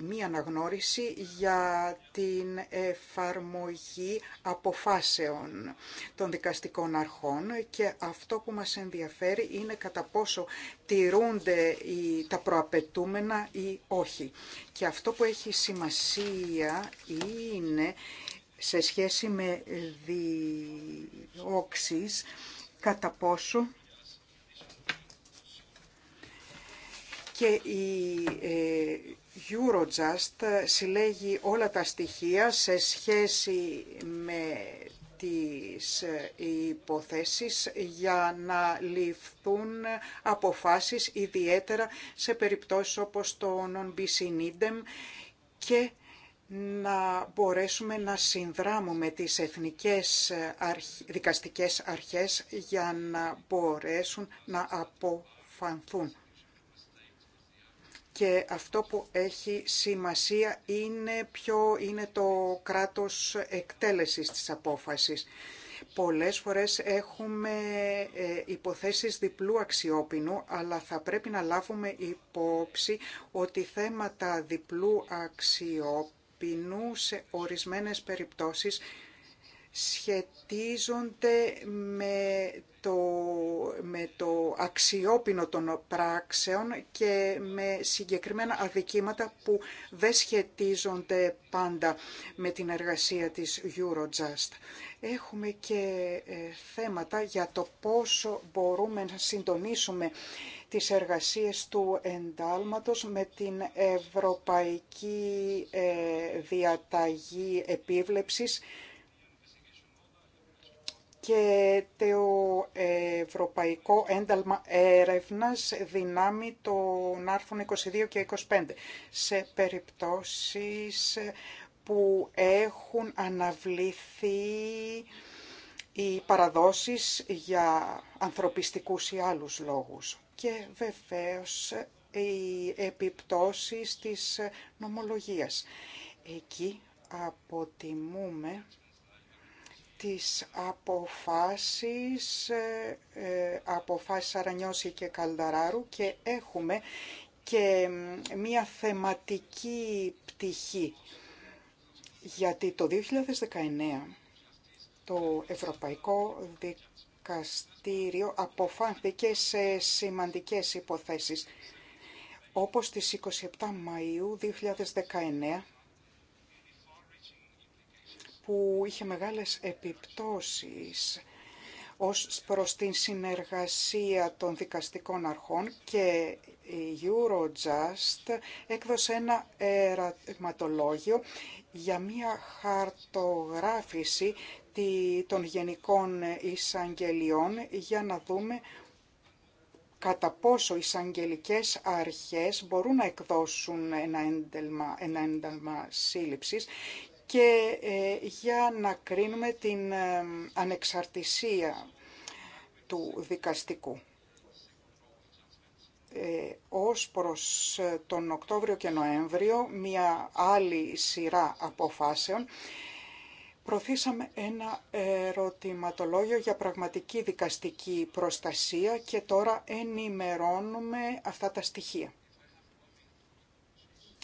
μη αναγνώριση για την εφαρμογή αποφάσεων των δικαστικών αρχών και αυτό που μας ενδιαφέρει είναι κατά πόσο τηρούνται τα προαπαιτούμενα ή όχι. Και αυτό που έχει σημασία είναι σε σχέση με διώξεις κατά πόσο και η ε, Eurojust συλλέγει όλα τα στοιχεία σε σχέση με τις ε, υποθέσεις για να ληφθούν αποφάσεις ιδιαίτερα σε περιπτώσεις όπως το non bis in και να μπορέσουμε να συνδράμουμε τις εθνικές δικαστικές αρχές για να μπορέσουν να αποφανθούν και αυτό που έχει σημασία είναι ποιο είναι το κράτος εκτέλεσης της απόφασης. Πολλές φορές έχουμε ε, υποθέσεις διπλού αξιόπινου, αλλά θα πρέπει να λάβουμε υπόψη ότι θέματα διπλού αξιόπινου σε ορισμένες περιπτώσεις σχετίζονται με το, με το αξιόπινο των πράξεων και με συγκεκριμένα αδικήματα που δεν σχετίζονται πάντα με την εργασία της Eurojust. Έχουμε και ε, θέματα για το πόσο μπορούμε να συντονίσουμε τις εργασίες του εντάλματος με την Ευρωπαϊκή ε, Διαταγή Επίβλεψης και το Ευρωπαϊκό Ένταλμα Έρευνας δυνάμει των άρθρων 22 και 25 σε περιπτώσεις που έχουν αναβληθεί οι παραδόσεις για ανθρωπιστικούς ή άλλους λόγους. Και βεβαίως οι επιπτώσεις της νομολογίας. Εκεί αποτιμούμε τις αποφάσεις, ε, ε, αποφάσεις Αρανιώση και Καλδαράρου και έχουμε και μία θεματική πτυχή. Γιατί το 2019 το Ευρωπαϊκό Δικαστήριο αποφάνθηκε σε σημαντικές υποθέσεις, όπως τις 27 Μαΐου 2019 που είχε μεγάλες επιπτώσεις ως προς την συνεργασία των δικαστικών αρχών και η Eurojust έκδωσε ένα ερωτηματολόγιο για μια χαρτογράφηση των γενικών εισαγγελιών για να δούμε κατά πόσο οι εισαγγελικές αρχές μπορούν να εκδώσουν ένα ένταλμα, σύλληψης και ε, για να κρίνουμε την ε, ανεξαρτησία του δικαστικού. Ε, ως προς ε, τον Οκτώβριο και Νοέμβριο, μία άλλη σειρά αποφάσεων, προθήσαμε ένα ερωτηματολόγιο για πραγματική δικαστική προστασία και τώρα ενημερώνουμε αυτά τα στοιχεία.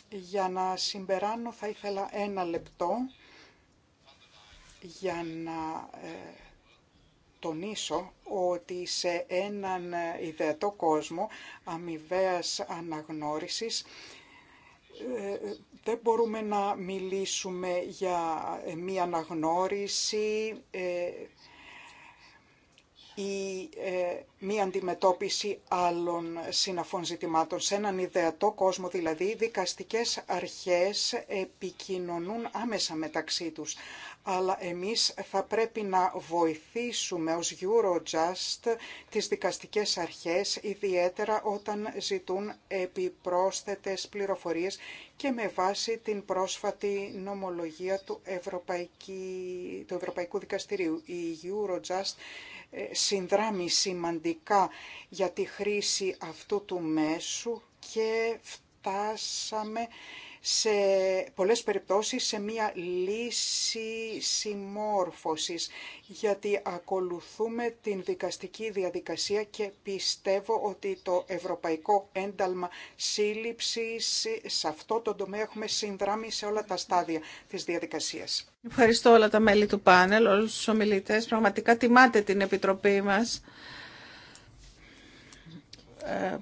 Για να συμπεράνω θα ήθελα ένα λεπτό για να ε, τονίσω ότι σε έναν ιδεατό κόσμο αμοιβαία αναγνώρισης ε, ε, δεν μπορούμε να μιλήσουμε για μία αναγνώριση ή ε, μη αντιμετώπιση άλλων συναφών ζητημάτων. Σε έναν ιδεατό κόσμο δηλαδή, οι δικαστικές αρχές επικοινωνούν άμεσα μεταξύ τους. Αλλά εμείς θα πρέπει να βοηθήσουμε ως Eurojust τις δικαστικές αρχές, ιδιαίτερα όταν ζητούν επιπρόσθετες πληροφορίες και με βάση την πρόσφατη νομολογία του, του Ευρωπαϊκού Δικαστηρίου. Η Eurojust ε, συνδράμει σημαντικά για τη χρήση αυτού του μέσου και φτάσαμε σε πολλές περιπτώσεις σε μία λύση συμμόρφωσης, γιατί ακολουθούμε την δικαστική διαδικασία και πιστεύω ότι το ευρωπαϊκό ένταλμα σύλληψης σε αυτό το τομέα έχουμε συνδράμει σε όλα τα στάδια της διαδικασίας. Ευχαριστώ όλα τα μέλη του πάνελ, όλους τους ομιλητές. Πραγματικά τιμάτε την Επιτροπή μας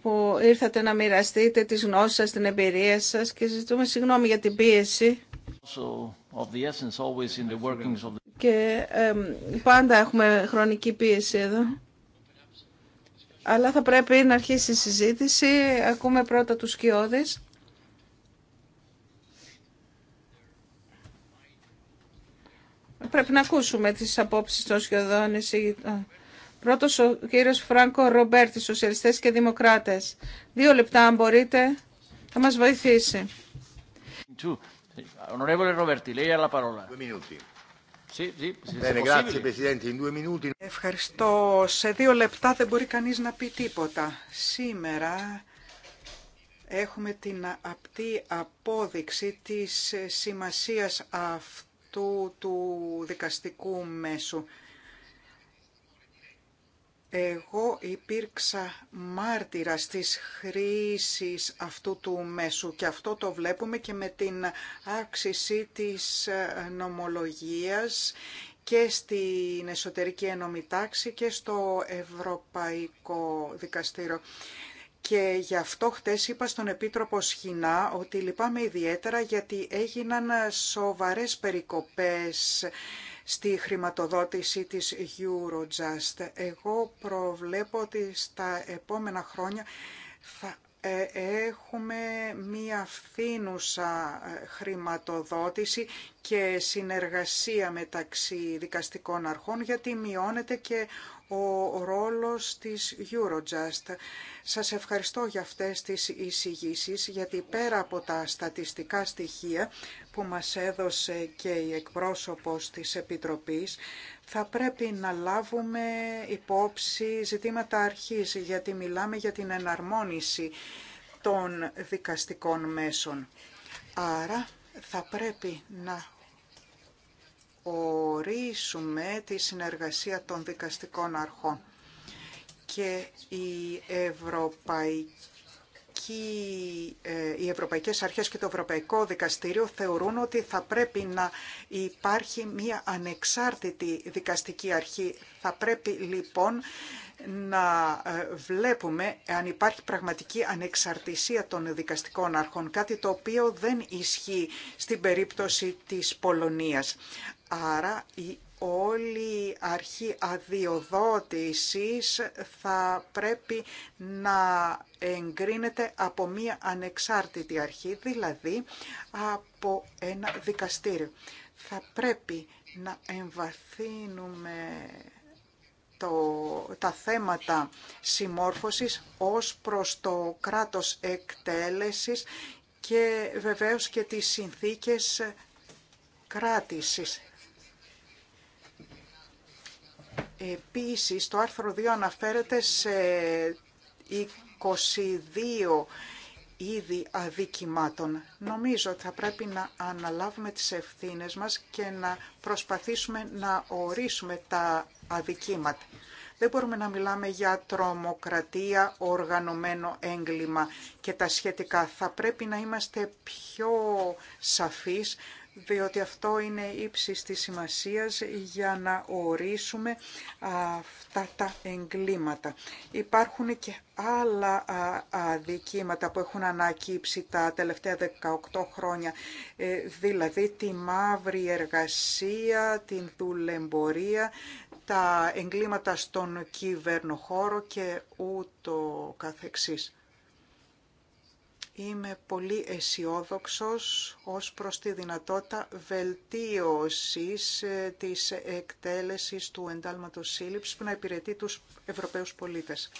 που ήρθατε να μοιραστείτε τις γνώσεις σας, την εμπειρία σας και ζητούμε συγγνώμη για την πίεση. Και πάντα έχουμε χρονική πίεση εδώ. Αλλά θα πρέπει να αρχίσει η συζήτηση. Ακούμε πρώτα τους σκιώδες. Πρέπει να ακούσουμε τις απόψεις των σκιωδών Πρώτος ο κύριος Φράνκο Ρομπέρτη, Σοσιαλιστές και Δημοκράτες. Δύο λεπτά αν μπορείτε, θα μας βοηθήσει. Ευχαριστώ. Σε δύο λεπτά δεν μπορεί κανείς να πει τίποτα. Σήμερα έχουμε την απτή απόδειξη της σημασίας αυτού του δικαστικού μέσου. Εγώ υπήρξα μάρτυρας της χρήσης αυτού του μέσου και αυτό το βλέπουμε και με την άξιση της ε, νομολογίας και στην εσωτερική ενόμη τάξη και στο Ευρωπαϊκό Δικαστήριο. Και γι' αυτό χτες είπα στον Επίτροπο Σχοινά ότι λυπάμαι ιδιαίτερα γιατί έγιναν σοβαρές περικοπές στη χρηματοδότηση της Eurojust. Εγώ προβλέπω ότι στα επόμενα χρόνια θα ε, έχουμε μία φθήνουσα ε, χρηματοδότηση και συνεργασία μεταξύ δικαστικών αρχών γιατί μειώνεται και ο ρόλος της Eurojust. Σας ευχαριστώ για αυτές τις εισηγήσει, γιατί πέρα από τα στατιστικά στοιχεία που μας έδωσε και η εκπρόσωπος της Επιτροπής, θα πρέπει να λάβουμε υπόψη ζητήματα αρχής, γιατί μιλάμε για την εναρμόνιση των δικαστικών μέσων. Άρα θα πρέπει να ορίσουμε τη συνεργασία των δικαστικών αρχών και η Ευρωπαϊκή ε, οι Ευρωπαϊκές Αρχές και το Ευρωπαϊκό Δικαστήριο θεωρούν ότι θα πρέπει να υπάρχει μία ανεξάρτητη δικαστική αρχή. Θα πρέπει λοιπόν να ε, βλέπουμε αν υπάρχει πραγματική ανεξαρτησία των δικαστικών αρχών, κάτι το οποίο δεν ισχύει στην περίπτωση της Πολωνίας. Άρα η όλη αρχή αδειοδότησης θα πρέπει να εγκρίνεται από μία ανεξάρτητη αρχή, δηλαδή από ένα δικαστήριο. Θα πρέπει να εμβαθύνουμε το, τα θέματα συμμόρφωσης ως προς το κράτος εκτέλεσης και βεβαίως και τις συνθήκες κράτησης. Επίσης, το άρθρο 2 αναφέρεται σε 22 είδη αδικημάτων. Νομίζω ότι θα πρέπει να αναλάβουμε τις ευθύνες μας και να προσπαθήσουμε να ορίσουμε τα αδικήματα. Δεν μπορούμε να μιλάμε για τρομοκρατία, οργανωμένο έγκλημα και τα σχετικά. Θα πρέπει να είμαστε πιο σαφείς διότι αυτό είναι ύψη της σημασίας για να ορίσουμε αυτά τα εγκλήματα. Υπάρχουν και άλλα αδικήματα που έχουν ανακύψει τα τελευταία 18 χρόνια, ε, δηλαδή τη μαύρη εργασία, την δουλεμπορία, τα εγκλήματα στον κυβερνοχώρο και ούτω καθεξής. Είμαι πολύ αισιόδοξο ως προς τη δυνατότητα βελτίωσης ε, της εκτέλεσης του εντάλματος σύλληψης που να υπηρετεί τους Ευρωπαίους πολίτες.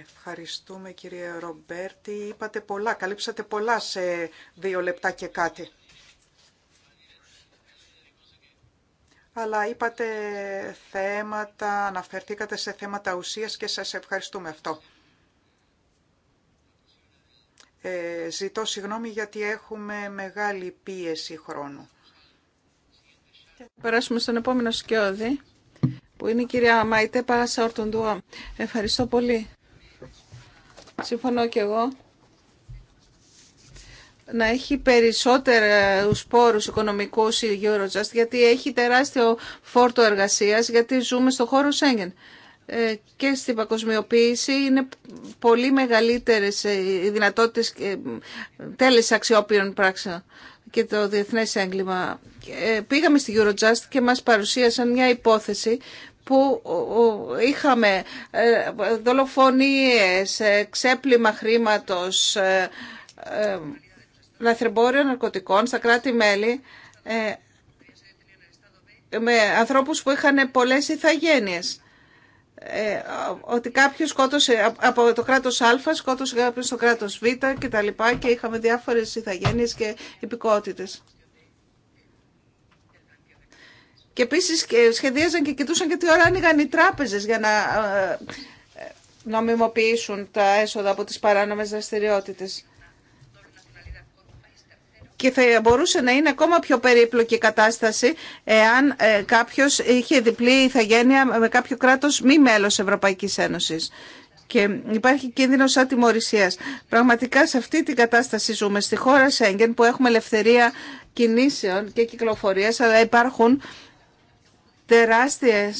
Ευχαριστούμε κύριε Ρομπέρτη. Είπατε πολλά, καλύψατε πολλά σε δύο λεπτά και κάτι. αλλά είπατε θέματα, αναφερθήκατε σε θέματα ουσίας και σας ευχαριστούμε αυτό. Ε, ζητώ συγγνώμη γιατί έχουμε μεγάλη πίεση χρόνου. Θα περάσουμε στον επόμενο σκιώδη, που είναι η κυρία Μαϊτέ Ορτοντουά. Ευχαριστώ πολύ. Συμφωνώ και εγώ να έχει περισσότερους πόρους οικονομικούς η Eurojust, γιατί έχει τεράστιο φόρτο εργασίας, γιατί ζούμε στο χώρο Σέγγεν. Ε, και στην παγκοσμιοποίηση είναι πολύ μεγαλύτερες ε, οι δυνατότητες ε, τέλες αξιόπιων πράξεων και το διεθνές έγκλημα. Πήγαμε στη Eurojust και μας παρουσίασαν μια υπόθεση που είχαμε δολοφονίες, ξέπλυμα χρήματος, λαθρεμπόριο ναρκωτικών στα κράτη-μέλη με ανθρώπους που είχαν πολλές ηθαγένειες. Ε, ότι κάποιος σκότωσε από το κράτος Α, σκότωσε κάποιος στο κράτος Β και τα λοιπά και είχαμε διάφορες ηθαγένειες και υπηκότητες. Και επίσης σχεδίαζαν και κοιτούσαν και τι ώρα άνοιγαν οι τράπεζες για να ε, ε, νομιμοποιήσουν τα έσοδα από τις παράνομες δραστηριότητες και θα μπορούσε να είναι ακόμα πιο περίπλοκη κατάσταση εάν ε, κάποιο είχε διπλή ηθαγένεια με κάποιο κράτος μη μέλος Ευρωπαϊκής Ένωσης και υπάρχει κίνδυνο ατιμορρησία. Πραγματικά σε αυτή την κατάσταση ζούμε στη χώρα Σέγγεν που έχουμε ελευθερία κινήσεων και κυκλοφορία, αλλά υπάρχουν τεράστιε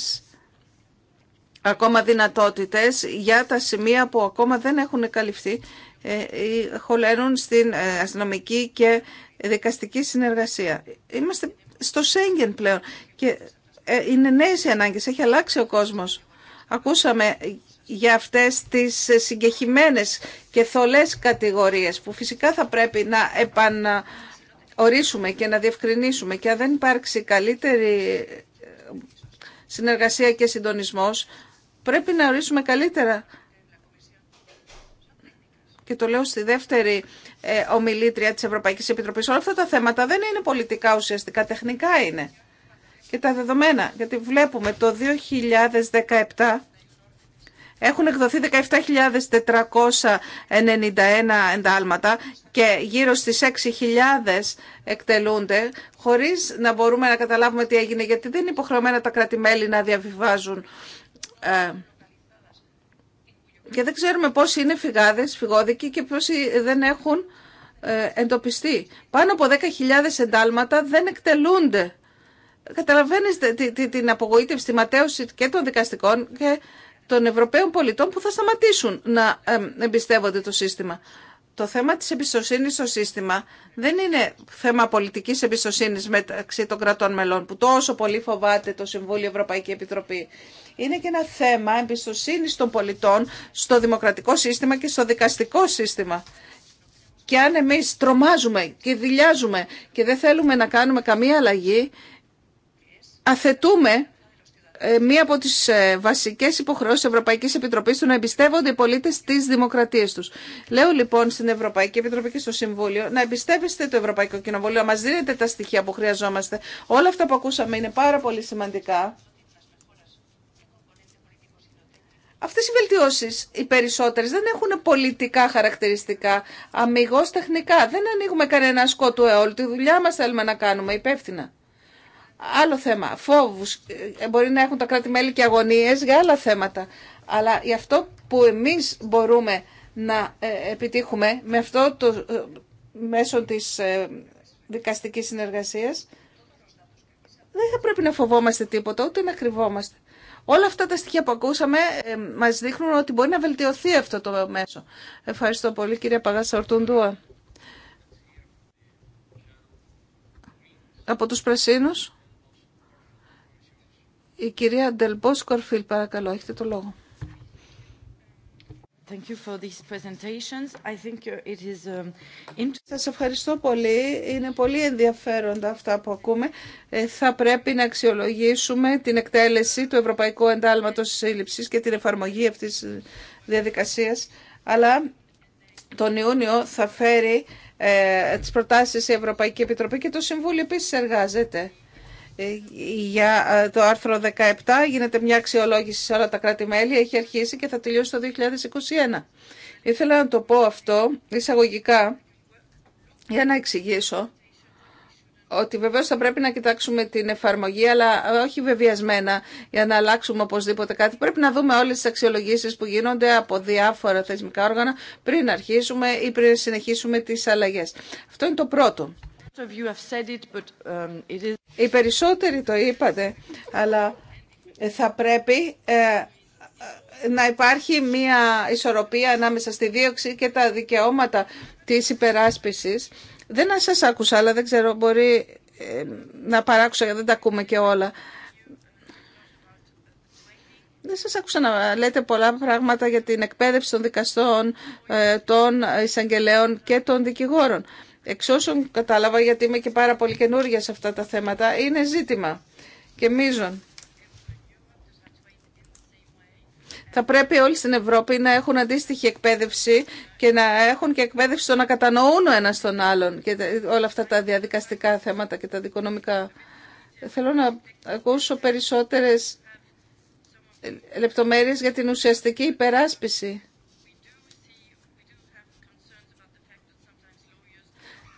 ακόμα δυνατότητες για τα σημεία που ακόμα δεν έχουν καλυφθεί ή ε, χωλένουν στην ε, αστυνομική και δικαστική συνεργασία. Είμαστε στο Σέγγεν πλέον και ε, είναι νέε οι ανάγκε, έχει αλλάξει ο κόσμος. Ακούσαμε για αυτές τις συγκεχημένες και θολές κατηγορίες που φυσικά θα πρέπει να επαναορίσουμε και να διευκρινίσουμε και αν δεν υπάρξει καλύτερη ε, συνεργασία και συντονισμός πρέπει να ορίσουμε καλύτερα και το λέω στη δεύτερη ε, ομιλήτρια της Ευρωπαϊκής Επιτροπής, όλα αυτά τα θέματα δεν είναι πολιτικά ουσιαστικά, τεχνικά είναι. Και τα δεδομένα, γιατί βλέπουμε το 2017 έχουν εκδοθεί 17.491 εντάλματα και γύρω στις 6.000 εκτελούνται, χωρίς να μπορούμε να καταλάβουμε τι έγινε, γιατί δεν είναι υποχρεωμένα τα κράτη-μέλη να διαβιβάζουν ε, και δεν ξέρουμε πόσοι είναι φυγάδες, φυγόδικοι και πόσοι δεν έχουν ε, εντοπιστεί. Πάνω από 10.000 εντάλματα δεν εκτελούνται. Καταλαβαίνεις την απογοήτευση, τη ματέωση και των δικαστικών και των Ευρωπαίων πολιτών που θα σταματήσουν να εμπιστεύονται το σύστημα το θέμα της εμπιστοσύνης στο σύστημα δεν είναι θέμα πολιτικής εμπιστοσύνης μεταξύ των κρατών μελών που τόσο πολύ φοβάται το Συμβούλιο Ευρωπαϊκή Επιτροπή. Είναι και ένα θέμα εμπιστοσύνης των πολιτών στο δημοκρατικό σύστημα και στο δικαστικό σύστημα. Και αν εμείς τρομάζουμε και δηλιάζουμε και δεν θέλουμε να κάνουμε καμία αλλαγή, αθετούμε ε, μία από τις ε, βασικέ υποχρεώσεις της Ευρωπαϊκής Επιτροπής του να εμπιστεύονται οι πολίτες τι δημοκρατίε τους. Λέω λοιπόν στην Ευρωπαϊκή Επιτροπή και στο Συμβούλιο να εμπιστεύεστε το Ευρωπαϊκό Κοινοβούλιο, να δίνετε τα στοιχεία που χρειαζόμαστε. Όλα αυτά που ακούσαμε είναι πάρα πολύ σημαντικά. Αυτέ οι βελτιώσει οι περισσότερε. δεν έχουν πολιτικά χαρακτηριστικά, Αμυγό τεχνικά. Δεν ανοίγουμε κανένα σκότου αιώλου. Τη δουλειά μα θέλουμε να κάνουμε υπεύθυνα άλλο θέμα. Φόβους. Ε, μπορεί να έχουν τα κράτη-μέλη και αγωνίες για άλλα θέματα. Αλλά γι' αυτό που εμείς μπορούμε να ε, επιτύχουμε με αυτό το ε, μέσο της δικαστικής συνεργασίας, δεν θα πρέπει να φοβόμαστε τίποτα, ούτε να κρυβόμαστε. Όλα αυτά τα στοιχεία που ακούσαμε μας δείχνουν ότι μπορεί να βελτιωθεί αυτό το μέσο. Ευχαριστώ πολύ κυρία Παγάσα Ορτούντουα. Από τους Πρασίνους. Η κυρία Ντελμπό Σκορφίλ, παρακαλώ, έχετε το λόγο. Σας ευχαριστώ πολύ. Είναι πολύ ενδιαφέροντα αυτά που ακούμε. Ε, θα πρέπει να αξιολογήσουμε την εκτέλεση του Ευρωπαϊκού Εντάλματος Σύλληψης και την εφαρμογή αυτής της διαδικασίας. Αλλά τον Ιούνιο θα φέρει ε, τις προτάσεις η Ευρωπαϊκή Επιτροπή και το Συμβούλιο επίσης εργάζεται. Ε, για ε, το άρθρο 17 γίνεται μια αξιολόγηση σε όλα τα κράτη-μέλη, έχει αρχίσει και θα τελειώσει το 2021. Ήθελα να το πω αυτό εισαγωγικά για να εξηγήσω ότι βεβαίως θα πρέπει να κοιτάξουμε την εφαρμογή, αλλά όχι βεβαιασμένα για να αλλάξουμε οπωσδήποτε κάτι. Πρέπει να δούμε όλες τις αξιολογήσεις που γίνονται από διάφορα θεσμικά όργανα πριν αρχίσουμε ή πριν συνεχίσουμε τις αλλαγές. Αυτό είναι το πρώτο. Um, Οι περισσότεροι το είπατε, αλλά ε, θα πρέπει ε, να υπάρχει μια ισορροπία ανάμεσα στη δίωξη και τα δικαιώματα της υπεράσπισης. Δεν να σας άκουσα, αλλά δεν ξέρω, μπορεί ε, να παράξω γιατί δεν τα ακούμε και όλα. Δεν σας άκουσα να λέτε πολλά πράγματα για την εκπαίδευση των δικαστών, των εισαγγελέων και των δικηγόρων εξ όσων κατάλαβα, γιατί είμαι και πάρα πολύ καινούργια σε αυτά τα θέματα, είναι ζήτημα και μείζον. Θα πρέπει όλοι στην Ευρώπη να έχουν αντίστοιχη εκπαίδευση και να έχουν και εκπαίδευση στο να κατανοούν ο ένας τον άλλον και όλα αυτά τα διαδικαστικά θέματα και τα δικονομικά. Θέλω να ακούσω περισσότερες λεπτομέρειες για την ουσιαστική υπεράσπιση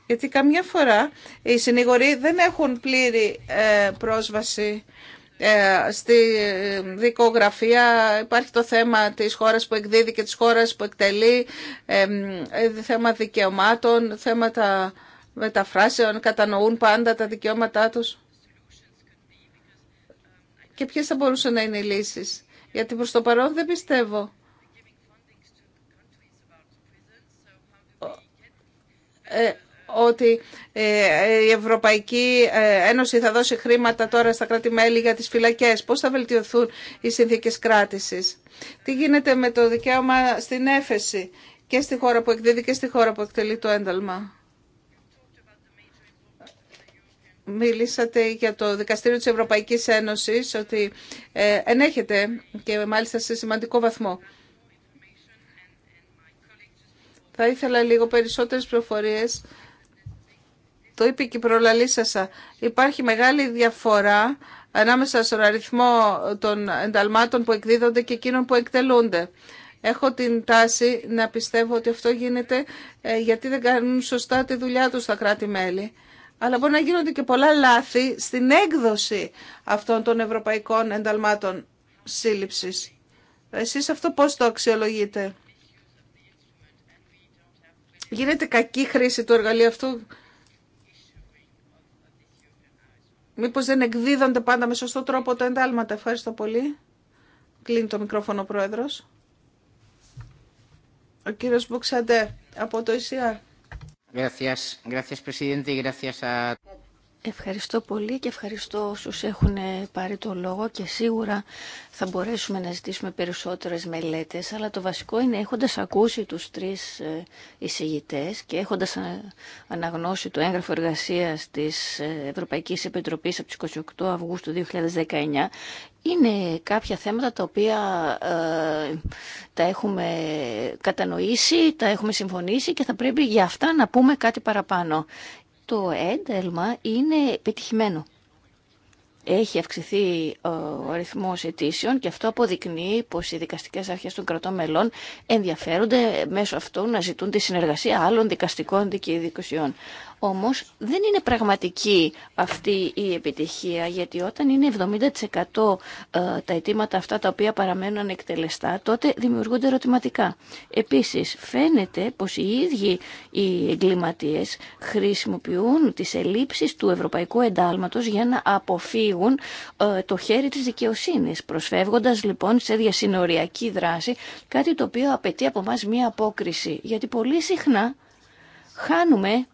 Γιατί καμιά φορά οι συνηγοροί δεν έχουν πλήρη ε, πρόσβαση ε, στη δικογραφία. Υπάρχει το θέμα της χώρας που εκδίδει και της χώρας που εκτελεί, ε, θέμα δικαιωμάτων, θέματα μεταφράσεων, κατανοούν πάντα τα δικαιώματά τους. Και ποιες θα μπορούσαν να είναι οι λύσεις. Γιατί προς το παρόν δεν πιστεύω ότι ε, ε, η Ευρωπαϊκή ε, Ένωση θα δώσει χρήματα τώρα στα κράτη-μέλη για τις φυλακές. Πώς θα βελτιωθούν οι συνθήκες κράτησης. Τι γίνεται με το δικαίωμα στην έφεση και στη χώρα που εκδίδει και στη χώρα που εκτελεί το ένταλμα. Μιλήσατε για το Δικαστήριο της Ευρωπαϊκής Ένωσης ότι ενέχεται και μάλιστα σε σημαντικό βαθμό. Θα ήθελα λίγο περισσότερες πληροφορίες το είπε και η προλαλήσασα, υπάρχει μεγάλη διαφορά ανάμεσα στον αριθμό των ενταλμάτων που εκδίδονται και εκείνων που εκτελούνται. Έχω την τάση να πιστεύω ότι αυτό γίνεται ε, γιατί δεν κάνουν σωστά τη δουλειά τους τα κράτη-μέλη. Αλλά μπορεί να γίνονται και πολλά λάθη στην έκδοση αυτών των ευρωπαϊκών ενταλμάτων σύλληψης. Εσείς αυτό πώς το αξιολογείτε. Γίνεται κακή χρήση του εργαλείου αυτού Μήπω δεν εκδίδονται πάντα με σωστό τρόπο τα εντάλματα. Ευχαριστώ πολύ. Κλείνει το μικρόφωνο ο Πρόεδρος. Ο κύριο Μπουξαντέ από το ΙΣΙΑ. Gracias, gracias presidente y Ευχαριστώ πολύ και ευχαριστώ όσους έχουν πάρει το λόγο και σίγουρα θα μπορέσουμε να ζητήσουμε περισσότερες μελέτες, αλλά το βασικό είναι έχοντας ακούσει τους τρεις ε, εισηγητές και έχοντας αναγνώσει το έγγραφο εργασίας της ε, Ευρωπαϊκής Επιτροπής από τις 28 Αυγούστου 2019, είναι κάποια θέματα τα οποία ε, τα έχουμε κατανοήσει, τα έχουμε συμφωνήσει και θα πρέπει για αυτά να πούμε κάτι παραπάνω το ένταλμα είναι πετυχημένο. Έχει αυξηθεί ε, ο αριθμό αιτήσεων και αυτό αποδεικνύει πω οι δικαστικέ αρχέ των κρατών μελών ενδιαφέρονται μέσω αυτού να ζητούν τη συνεργασία άλλων δικαστικών δικαιοδικουσιών. Όμως δεν είναι πραγματική αυτή η επιτυχία, γιατί όταν είναι 70% ε, τα αιτήματα αυτά τα οποία παραμένουν εκτελεστά τότε δημιουργούνται ερωτηματικά. Επίσης, φαίνεται πως οι ίδιοι οι εγκληματίες χρησιμοποιούν τις ελλείψεις του ευρωπαϊκού εντάλματος για να αποφύγουν ε, το χέρι της δικαιοσύνης, προσφεύγοντας λοιπόν σε διασυνοριακή δράση, κάτι το οποίο απαιτεί από εμά μία απόκριση, γιατί πολύ συχνά χάνουμε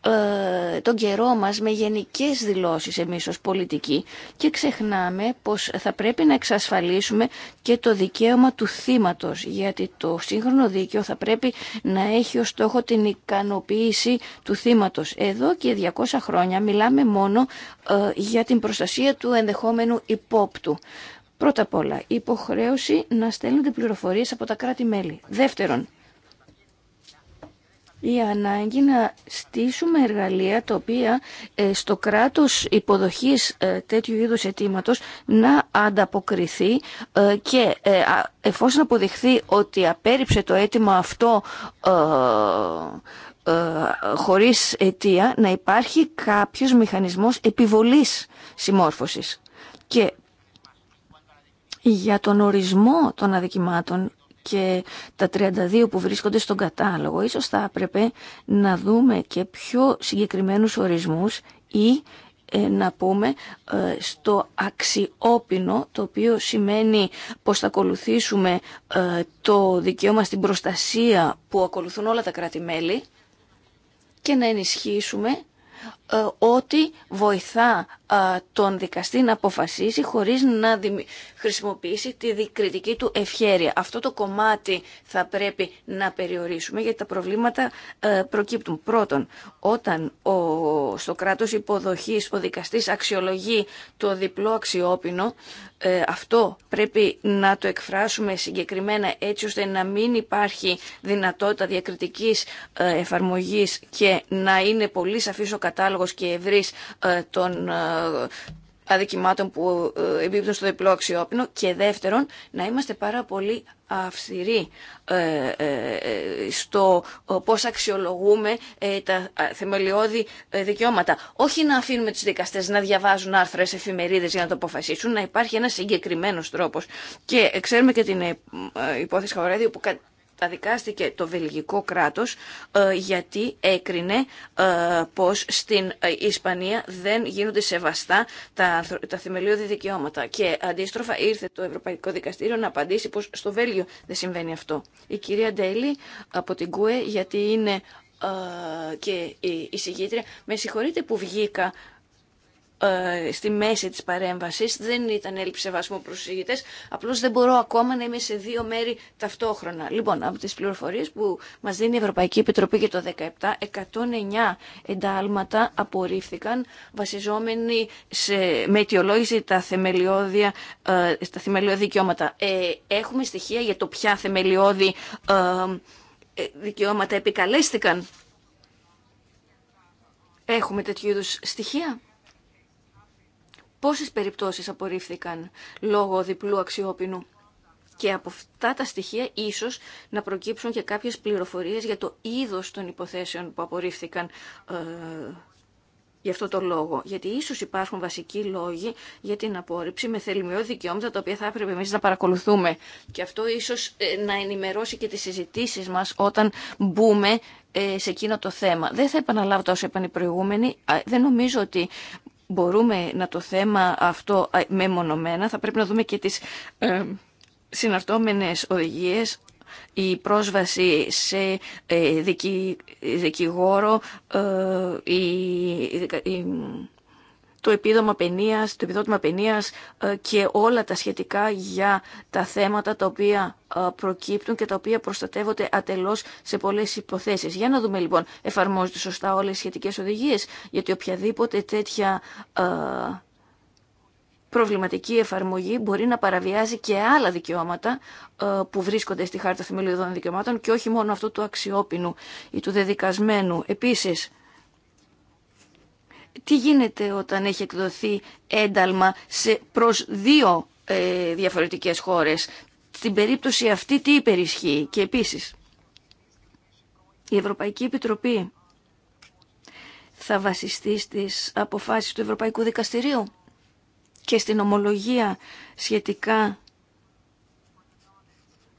ε, τον καιρό μας με γενικές δηλώσεις εμείς ως πολιτικοί και ξεχνάμε πως θα πρέπει να εξασφαλίσουμε και το δικαίωμα του θύματος γιατί το σύγχρονο δίκαιο θα πρέπει να έχει ως στόχο την ικανοποίηση του θύματος. Εδώ και 200 χρόνια μιλάμε μόνο ε, για την προστασία του ενδεχόμενου υπόπτου. Πρώτα απ' όλα, υποχρέωση να στέλνονται πληροφορίες από τα κράτη-μέλη. Δεύτερον, η ανάγκη να στήσουμε εργαλεία τα οποία ε, στο κράτος υποδοχής ε, τέτοιου είδους αιτήματο να ανταποκριθεί ε, και εφόσον αποδειχθεί ότι απέρριψε το αίτημα αυτό χωρίς αιτία να υπάρχει κάποιος μηχανισμός επιβολής συμμόρφωσης. Και για τον ορισμό των αδικημάτων και τα 32 που βρίσκονται στον κατάλογο. Ίσως θα έπρεπε να δούμε και πιο συγκεκριμένους ορισμούς ή ε, να πούμε ε, στο αξιόπινο το οποίο σημαίνει πως θα ακολουθήσουμε ε, το δικαίωμα στην προστασία που ακολουθούν όλα τα κράτη-μέλη και να ενισχύσουμε ε, ότι βοηθά ε, τον δικαστή να αποφασίσει χωρίς να χρησιμοποιήσει τη δικριτική του ευχέρεια. Αυτό το κομμάτι θα πρέπει να περιορίσουμε γιατί τα προβλήματα ε, προκύπτουν. Πρώτον, όταν ο, στο κράτος υποδοχής ο δικαστής αξιολογεί το διπλό αξιόπινο, αυτό πρέπει να το εκφράσουμε συγκεκριμένα έτσι ώστε να μην υπάρχει δυνατότητα διακριτικής εφαρμογής και να είναι πολύ σαφής ο κατάλογος και ευρύς ε, των ε, αδικημάτων που ε, εμπίπτουν στο διπλό αξιόπινο και δεύτερον να είμαστε πάρα πολύ αυστηροί στο πώς αξιολογούμε τα θεμελιώδη δικαιώματα. Όχι να αφήνουμε τους δικαστές να διαβάζουν άρθρα σε εφημερίδες για να το αποφασίσουν, να υπάρχει ένας συγκεκριμένος τρόπος. Και ξέρουμε και την υπόθεση Χαουρέδιου που δικάστηκε το βελγικό κράτος ε, γιατί έκρινε ε, πως στην ε, Ισπανία δεν γίνονται σεβαστά τα, τα θεμελιώδη δικαιώματα. Και αντίστροφα ήρθε το Ευρωπαϊκό Δικαστήριο να απαντήσει πως στο Βέλγιο δεν συμβαίνει αυτό. Η κυρία Ντέλη από την ΚΟΕ γιατί είναι και η, η Με συγχωρείτε που βγήκα ε, στη μέση της παρέμβασης. Δεν ήταν έλλειψη σεβασμού προς Απλώς δεν μπορώ ακόμα να είμαι σε δύο μέρη ταυτόχρονα. Λοιπόν, από τις πληροφορίες που μας δίνει η Ευρωπαϊκή Επιτροπή για το 2017, 109 εντάλματα απορρίφθηκαν βασιζόμενοι σε, με αιτιολόγηση τα ε, θεμελιώδη, ε, δικαιώματα. έχουμε στοιχεία για το ποια θεμελιώδη ε, δικαιώματα επικαλέστηκαν. Έχουμε τέτοιου είδους στοιχεία πόσες περιπτώσεις απορρίφθηκαν λόγω διπλού αξιόπινου. Και από αυτά τα στοιχεία ίσως να προκύψουν και κάποιες πληροφορίες για το είδος των υποθέσεων που απορρίφθηκαν ε, γι' αυτό το λόγο. Γιατί ίσως υπάρχουν βασικοί λόγοι για την απόρριψη με θελημιώδη δικαιώματα τα οποία θα έπρεπε εμείς να παρακολουθούμε. Και αυτό ίσως ε, να ενημερώσει και τις συζητήσεις μας όταν μπούμε ε, σε εκείνο το θέμα. Δεν θα επαναλάβω τα όσα είπαν οι προηγούμενοι. Δεν νομίζω ότι μπορούμε να το θέμα αυτό μεμονωμένα. Θα πρέπει να δούμε και τις ε, συναρτώμενες οδηγίες η πρόσβαση σε ε, δική δικηγόρο, ε, η το επίδομα παινίας, το επιδότημα παινίας ε, και όλα τα σχετικά για τα θέματα τα οποία ε, προκύπτουν και τα οποία προστατεύονται ατελώς σε πολλές υποθέσεις. Για να δούμε λοιπόν, εφαρμόζονται σωστά όλες οι σχετικές οδηγίες, γιατί οποιαδήποτε τέτοια ε, προβληματική εφαρμογή μπορεί να παραβιάζει και άλλα δικαιώματα που βρίσκονται στη Χάρτα Θεμελιωδών Δικαιωμάτων και όχι μόνο αυτό του αξιόπινου ή του δεδικασμένου. Επίσης, τι γίνεται όταν έχει εκδοθεί ένταλμα σε προς δύο ε, διαφορετικές χώρες. Στην περίπτωση αυτή τι υπερισχύει και επίσης η Ευρωπαϊκή Επιτροπή θα βασιστεί στις αποφάσεις του Ευρωπαϊκού Δικαστηρίου και στην ομολογία σχετικά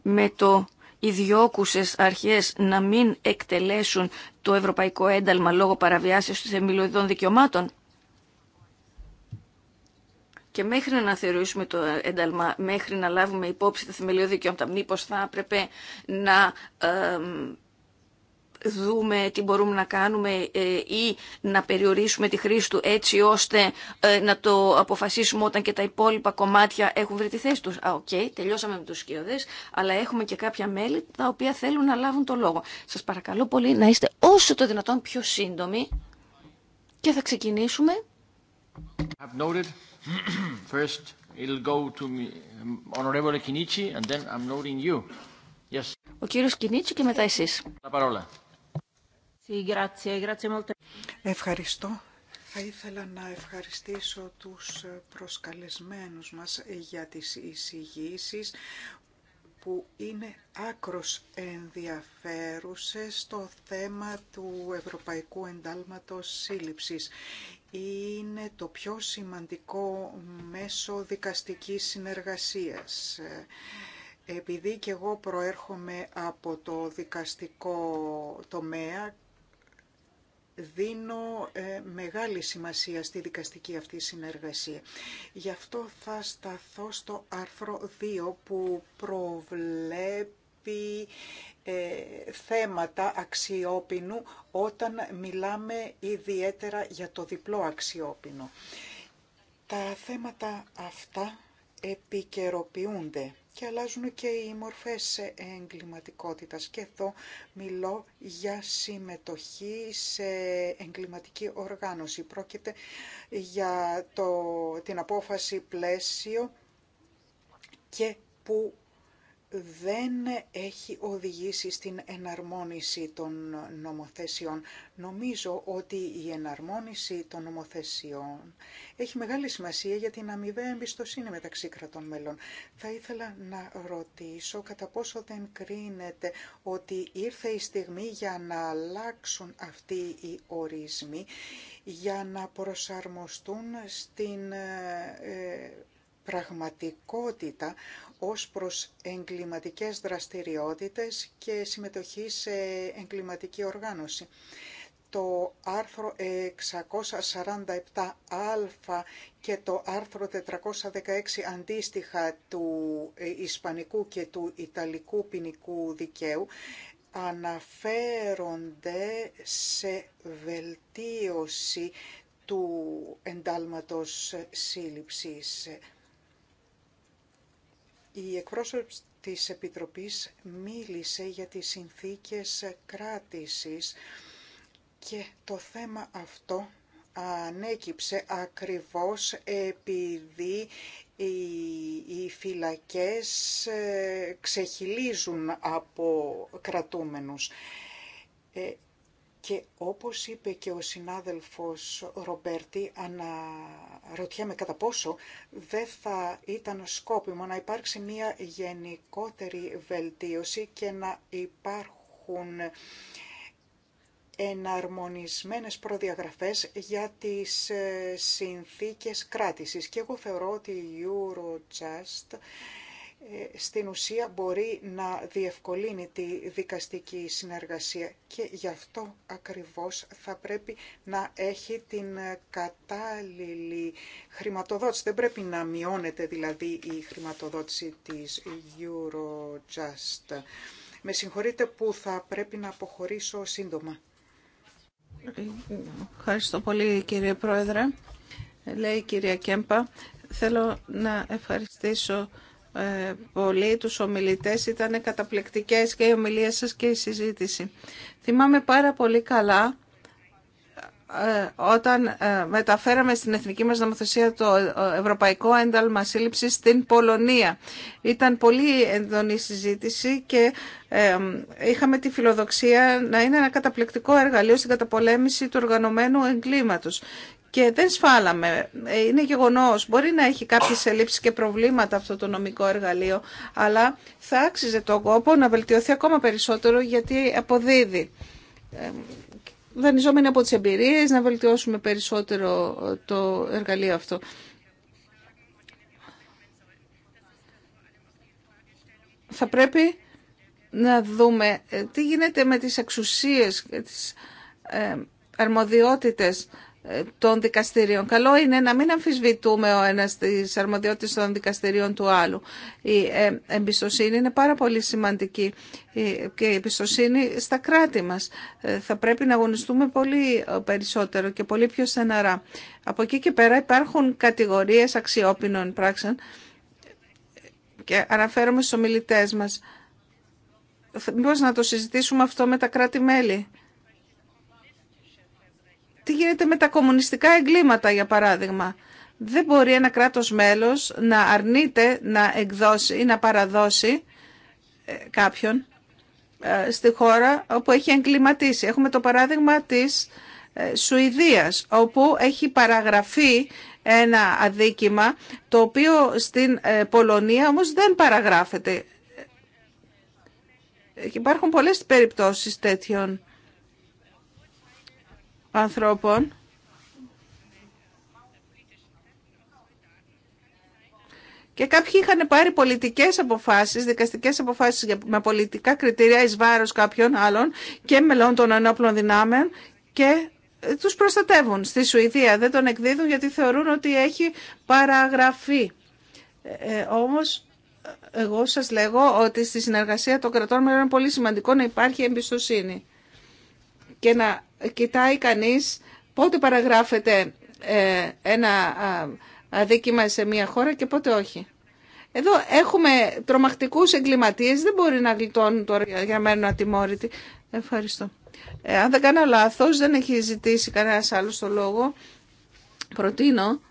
με το οι διώκουσες αρχές να μην εκτελέσουν το ευρωπαϊκό ένταλμα λόγω παραβιάσεως των θεμελιωδών δικαιωμάτων. Και μέχρι να θεωρήσουμε το ένταλμα, μέχρι να λάβουμε υπόψη τα θεμελιώδη δικαιώματα, μήπως θα έπρεπε να δούμε τι μπορούμε να κάνουμε ε, ή να περιορίσουμε τη χρήση του έτσι ώστε ε, να το αποφασίσουμε όταν και τα υπόλοιπα κομμάτια έχουν βρει τη θέση τους. Α, οκ, okay, τελειώσαμε με τους σκιωδές, αλλά έχουμε και κάποια μέλη τα οποία θέλουν να λάβουν το λόγο. Σας παρακαλώ πολύ να είστε όσο το δυνατόν πιο σύντομοι και θα ξεκινήσουμε. Ο κύριος Κινίτσι και μετά εσείς. Τα παρόλα. Ευχαριστώ. Θα ήθελα να ευχαριστήσω τους προσκαλεσμένους μας για τις εισηγήσει που είναι άκρος ενδιαφέρουσε στο θέμα του Ευρωπαϊκού Εντάλματος Σύλληψης. Είναι το πιο σημαντικό μέσο δικαστικής συνεργασίας. Επειδή και εγώ προέρχομαι από το δικαστικό τομέα, δίνω ε, μεγάλη σημασία στη δικαστική αυτή συνεργασία. Γι' αυτό θα σταθώ στο άρθρο 2 που προβλέπει ε, θέματα αξιόπινου όταν μιλάμε ιδιαίτερα για το διπλό αξιόπινο. Τα θέματα αυτά επικαιροποιούνται και αλλάζουν και οι μορφές εγκληματικότητας. Και εδώ μιλώ για συμμετοχή σε εγκληματική οργάνωση. Πρόκειται για το, την απόφαση πλαίσιο και που δεν έχει οδηγήσει στην εναρμόνιση των νομοθεσιών. Νομίζω ότι η εναρμόνιση των νομοθεσιών έχει μεγάλη σημασία για την αμοιβαία εμπιστοσύνη μεταξύ κρατών μέλων. Θα ήθελα να ρωτήσω κατά πόσο δεν κρίνεται ότι ήρθε η στιγμή για να αλλάξουν αυτοί οι ορισμοί για να προσαρμοστούν στην ε, πραγματικότητα ως προς εγκληματικές δραστηριότητες και συμμετοχή σε εγκληματική οργάνωση. Το άρθρο 647α και το άρθρο 416 αντίστοιχα του Ισπανικού και του Ιταλικού ποινικού δικαίου αναφέρονται σε βελτίωση του εντάλματος σύλληψης η εκπρόσωπη της Επιτροπής μίλησε για τις συνθήκες κράτησης και το θέμα αυτό ανέκυψε ακριβώς επειδή οι φυλακές ε, ξεχυλίζουν από κρατούμενους. Ε, και όπως είπε και ο συνάδελφος Ρομπέρτη, αναρωτιέμαι κατά πόσο δεν θα ήταν σκόπιμο να υπάρξει μια γενικότερη βελτίωση και να υπάρχουν εναρμονισμένες προδιαγραφές για τις ε, συνθήκες κράτησης. Και εγώ θεωρώ ότι η Eurojust ε, στην ουσία μπορεί να διευκολύνει τη δικαστική συνεργασία και γι' αυτό ακριβώς θα πρέπει να έχει την ε, κατάλληλη χρηματοδότηση. Δεν πρέπει να μειώνεται δηλαδή η χρηματοδότηση της Eurojust. Με συγχωρείτε που θα πρέπει να αποχωρήσω σύντομα. Ευχαριστώ πολύ κύριε Πρόεδρε. Λέει η κυρία Κέμπα. Θέλω να ευχαριστήσω ε, πολύ τους ομιλητές. Ήταν καταπληκτικές και οι ομιλίες σας και η συζήτηση. Θυμάμαι πάρα πολύ καλά ε, όταν ε, μεταφέραμε στην εθνική μας νομοθεσία το Ευρωπαϊκό Ένταλμα σύλληψη στην Πολωνία. Ήταν πολύ εντονή συζήτηση και είχαμε τη φιλοδοξία να είναι ένα καταπληκτικό εργαλείο στην καταπολέμηση του οργανωμένου εγκλήματος. Και δεν σφάλαμε. Ε, είναι γεγονό. Μπορεί να έχει κάποιες ελλείψεις και προβλήματα αυτό το νομικό εργαλείο, αλλά θα άξιζε τον κόπο να βελτιωθεί ακόμα περισσότερο γιατί αποδίδει. Ε, δανειζόμενοι από τις εμπειρίες, να βελτιώσουμε περισσότερο ε, το εργαλείο αυτό. Θα πρέπει να δούμε τι γίνεται με τις εξουσίες, τις αρμοδιότητες ε, των δικαστηρίων. Καλό είναι να μην αμφισβητούμε ο ένας τις αρμοδιότητες των δικαστηρίων του άλλου. Η ε, εμπιστοσύνη είναι πάρα πολύ σημαντική ε, και η εμπιστοσύνη στα κράτη μας. Θα πρέπει να αγωνιστούμε πολύ περισσότερο και πολύ πιο στεναρά. Από εκεί και πέρα υπάρχουν κατηγορίες αξιόπινων πράξεων και αναφέρομαι στους ομιλητές μας. Μήπως να το συζητήσουμε αυτό με τα κράτη-μέλη τι γίνεται με τα κομμουνιστικά εγκλήματα, για παράδειγμα. Δεν μπορεί ένα κράτος μέλος να αρνείται να εκδώσει ή να παραδώσει ε, κάποιον ε, στη χώρα όπου έχει εγκληματίσει. Έχουμε το παράδειγμα της ε, Σουηδίας, όπου έχει παραγραφεί ένα αδίκημα, το οποίο στην Πολωνία όμως δεν παραγράφεται. Υπάρχουν πολλές περιπτώσεις τέτοιων ανθρώπων Και κάποιοι είχαν πάρει πολιτικές αποφάσεις, δικαστικές αποφάσεις με πολιτικά κριτήρια εις βάρος κάποιων άλλων και μελών των ενόπλων δυνάμεων και ε, τους προστατεύουν στη Σουηδία. Δεν τον εκδίδουν γιατί θεωρούν ότι έχει παραγραφεί. Ε, ε όμως ε, εγώ σας λέγω ότι στη συνεργασία των κρατών μελών είναι πολύ σημαντικό να υπάρχει εμπιστοσύνη και να κοιτάει κανείς πότε παραγράφεται ε, ένα αδίκημα σε μια χώρα και πότε όχι. Εδώ έχουμε τρομακτικούς εγκληματίες, δεν μπορεί να γλιτώνουν τώρα για μένα ατιμόρυτοι. Ευχαριστώ. Ε, αν δεν κάνω λάθος, δεν έχει ζητήσει κανένας άλλο το λόγο. Προτείνω,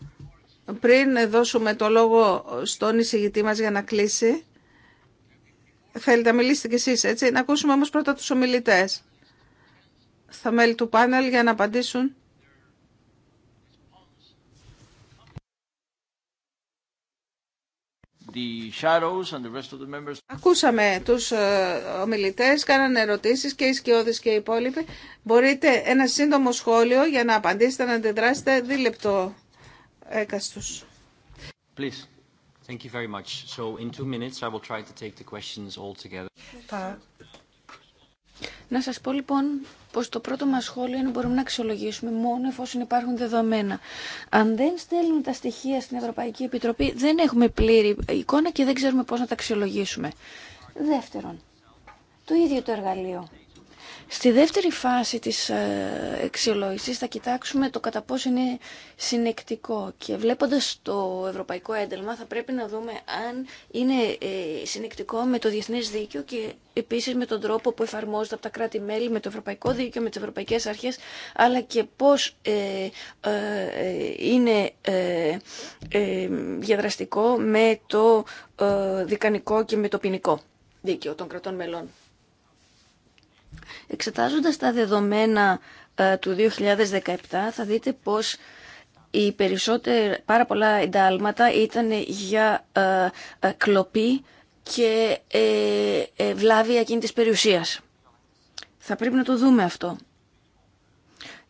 πριν δώσουμε το λόγο στον εισηγητή μας για να κλείσει, θέλετε να μιλήσετε κι εσείς, έτσι, να ακούσουμε όμως πρώτα τους ομιλητές στα μέλη του πάνελ για να απαντήσουν. The shadows and the rest of the members. Ακούσαμε τους ε, ομιλητές, κάνανε ερωτήσεις και οι σκιώδεις και οι υπόλοιποι. Μπορείτε ένα σύντομο σχόλιο για να απαντήσετε, να αντιδράσετε δίλεπτο έκαστος. Please. Thank you very much. So in two minutes I will try to take the questions all together. Θα να σας πω λοιπόν πως το πρώτο μας σχόλιο είναι μπορούμε να αξιολογήσουμε μόνο εφόσον υπάρχουν δεδομένα. Αν δεν στέλνουν τα στοιχεία στην Ευρωπαϊκή Επιτροπή δεν έχουμε πλήρη εικόνα και δεν ξέρουμε πώς να τα αξιολογήσουμε. Δεύτερον, το ίδιο το εργαλείο Στη δεύτερη φάση της ε, αξιολόγησης θα κοιτάξουμε το κατά πόσο είναι συνεκτικό και βλέποντας το ευρωπαϊκό ένταλμα θα πρέπει να δούμε αν είναι ε, συνεκτικό με το διεθνές δίκαιο και επίσης με τον τρόπο που εφαρμόζεται από τα κράτη-μέλη, με το ευρωπαϊκό δίκαιο, με τις ευρωπαϊκές αρχές, αλλά και πώς ε, είναι διαδραστικό με το δικανικό και με το ποινικό δίκαιο των κρατών μελών. Εξετάζοντας τα δεδομένα ε, του 2017 θα δείτε πως οι περισσότερα, πάρα πολλά εντάλματα ήταν για ε, ε, κλοπή και βλάβη ακίνητης περιουσίας. Θα πρέπει να το δούμε αυτό.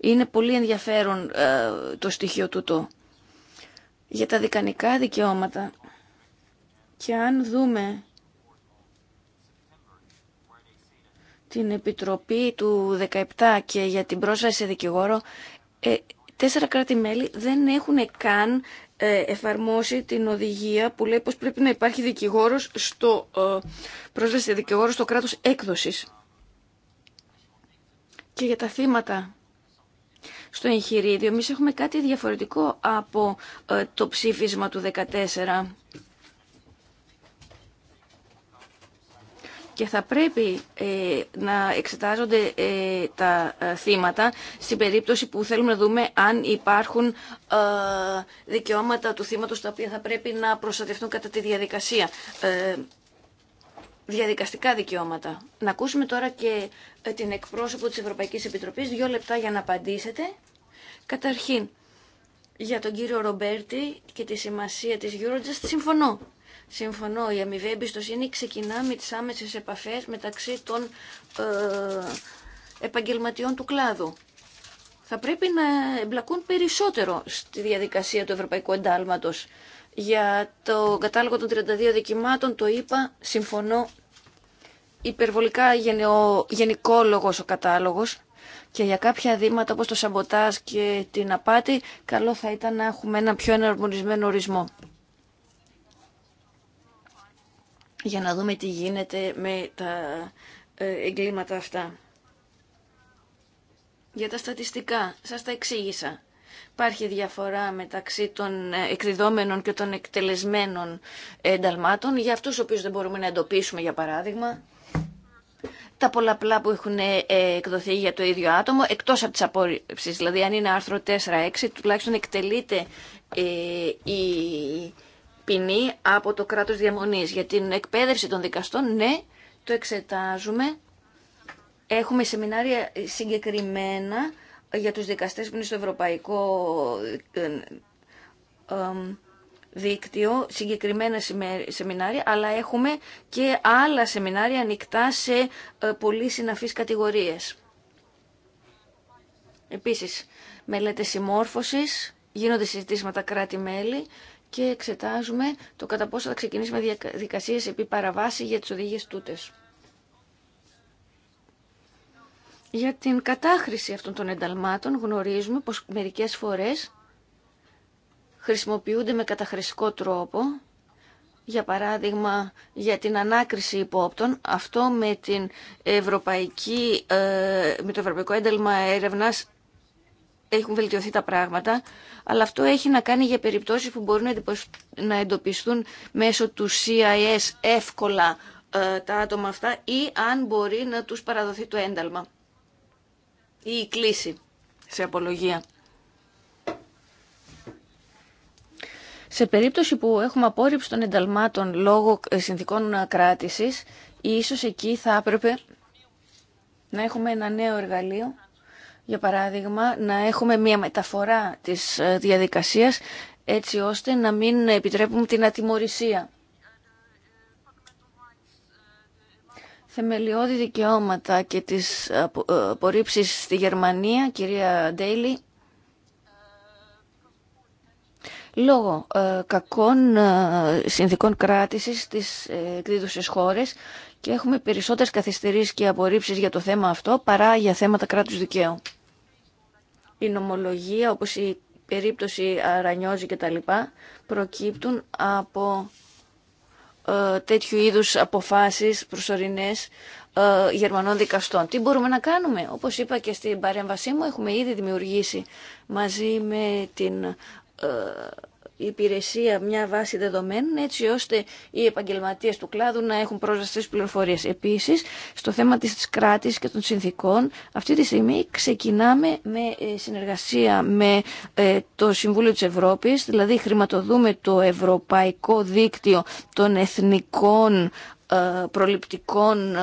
Είναι πολύ ενδιαφέρον το στοιχείο τούτο. Για τα δικανικά δικαιώματα και αν δούμε την Επιτροπή του 17 και για την πρόσβαση σε δικηγόρο, ε, τέσσερα κράτη-μέλη δεν έχουν καν ε, εφαρμόσει την οδηγία που λέει πως πρέπει να υπάρχει δικηγόρος στο, ε, πρόσβαση σε δικηγόρο στο κράτος έκδοσης. Και για τα θύματα στο εγχειρίδιο, εμεί έχουμε κάτι διαφορετικό από το ψήφισμα του 2014 και θα πρέπει ε, να εξετάζονται ε, τα ε, θύματα στην περίπτωση που θέλουμε να δούμε αν υπάρχουν δικαιώματα του θύματος τα οποία θα πρέπει να προστατευτούν κατά τη διαδικασία. Διαδικαστικά δικαιώματα. Να ακούσουμε τώρα και την εκπρόσωπο της Ευρωπαϊκής Επιτροπής. Δύο λεπτά για να απαντήσετε. Καταρχήν, για τον κύριο Ρομπέρτη και τη σημασία της Eurojust συμφωνώ. Συμφωνώ, η αμοιβή εμπιστοσύνη ξεκινά με τις άμεσες επαφές μεταξύ των ε, επαγγελματιών του κλάδου. Θα πρέπει να εμπλακούν περισσότερο στη διαδικασία του Ευρωπαϊκού Εντάλματος. Για το κατάλογο των 32 δικημάτων το είπα, συμφωνώ, υπερβολικά γενικό, γενικόλογος ο κατάλογος και για κάποια δήματα όπως το σαμποτάζ και την απάτη, καλό θα ήταν να έχουμε ένα πιο εναρμονισμένο ορισμό για να δούμε τι γίνεται με τα ε, εγκλήματα αυτά. Για τα στατιστικά, σας τα εξήγησα. Υπάρχει διαφορά μεταξύ των ε, εκδιδόμενων και των εκτελεσμένων ενταλμάτων, για αυτούς τους οποίους δεν μπορούμε να εντοπίσουμε, για παράδειγμα, τα πολλαπλά που έχουν ε, εκδοθεί για το ίδιο άτομο, εκτός από τις απόρριψεις, δηλαδή αν είναι άρθρο 4-6, τουλάχιστον εκτελείται η ποινή από το κράτος διαμονής. Για την εκπαίδευση των δικαστών, ναι, το εξετάζουμε. Έχουμε σεμινάρια συγκεκριμένα για τους δικαστές που είναι στο Ευρωπαϊκό ε, Δίκτυο, συγκεκριμένα σεμινάρια, αλλά έχουμε και άλλα σεμινάρια ανοιχτά σε ε, πολύ συναφείς κατηγορίες. Επίσης, μελέτες συμμόρφωσης, γίνονται γίνονται κράτη-μέλη και εξετάζουμε το κατά πόσο θα ξεκινήσουμε διαδικασίες επί παραβάση για τις οδηγίες τούτες. Για την κατάχρηση αυτών των ενταλμάτων γνωρίζουμε πως μερικές φορές χρησιμοποιούνται με καταχρηστικό τρόπο, για παράδειγμα για την ανάκριση υπόπτων, αυτό με, την ευρωπαϊκή, ε, με το Ευρωπαϊκό Ένταλμα Έρευνας έχουν βελτιωθεί τα πράγματα, αλλά αυτό έχει να κάνει για περιπτώσεις που μπορούν να εντοπιστούν μέσω του CIS εύκολα ε, τα άτομα αυτά ή αν μπορεί να τους παραδοθεί το ένταλμα ή η κλίση σε απολογία. Σε περίπτωση που έχουμε απόρριψη των ενταλμάτων λόγω ε, συνθήκων κράτησης, ίσως εκεί θα έπρεπε να έχουμε ένα νέο εργαλείο για παράδειγμα, να έχουμε μια μεταφορά της ε, διαδικασίας έτσι ώστε να μην επιτρέπουμε την ατιμορρησία. Θεμελιώδη δικαιώματα και τις ε, απορρίψεις στη Γερμανία, κυρία Ντέιλι, λόγω ε, κακών συνθήκων κράτησης στις εκδίδουσες χώρες και έχουμε περισσότερες καθυστερήσεις και απορρίψεις για το θέμα αυτό παρά για θέματα κράτους δικαίου η νομολογία όπως η περίπτωση Αρανιώζη και τα λοιπά προκύπτουν από ε, τέτοιου είδους αποφάσεις προσωρινές ε, Γερμανών δικαστών. Τι μπορούμε να κάνουμε. Όπως είπα και στην παρέμβασή μου έχουμε ήδη δημιουργήσει μαζί με την ε, υπηρεσία μια βάση δεδομένων έτσι ώστε οι επαγγελματίε του κλάδου να έχουν πρόσβαση στι πληροφορίες. Επίσης, στο θέμα της κράτη και των συνθήκων, αυτή τη στιγμή ξεκινάμε με ε, συνεργασία με ε, το Συμβούλιο της Ευρώπης, δηλαδή χρηματοδούμε το Ευρωπαϊκό Δίκτυο των Εθνικών ε, προληπτικών ε,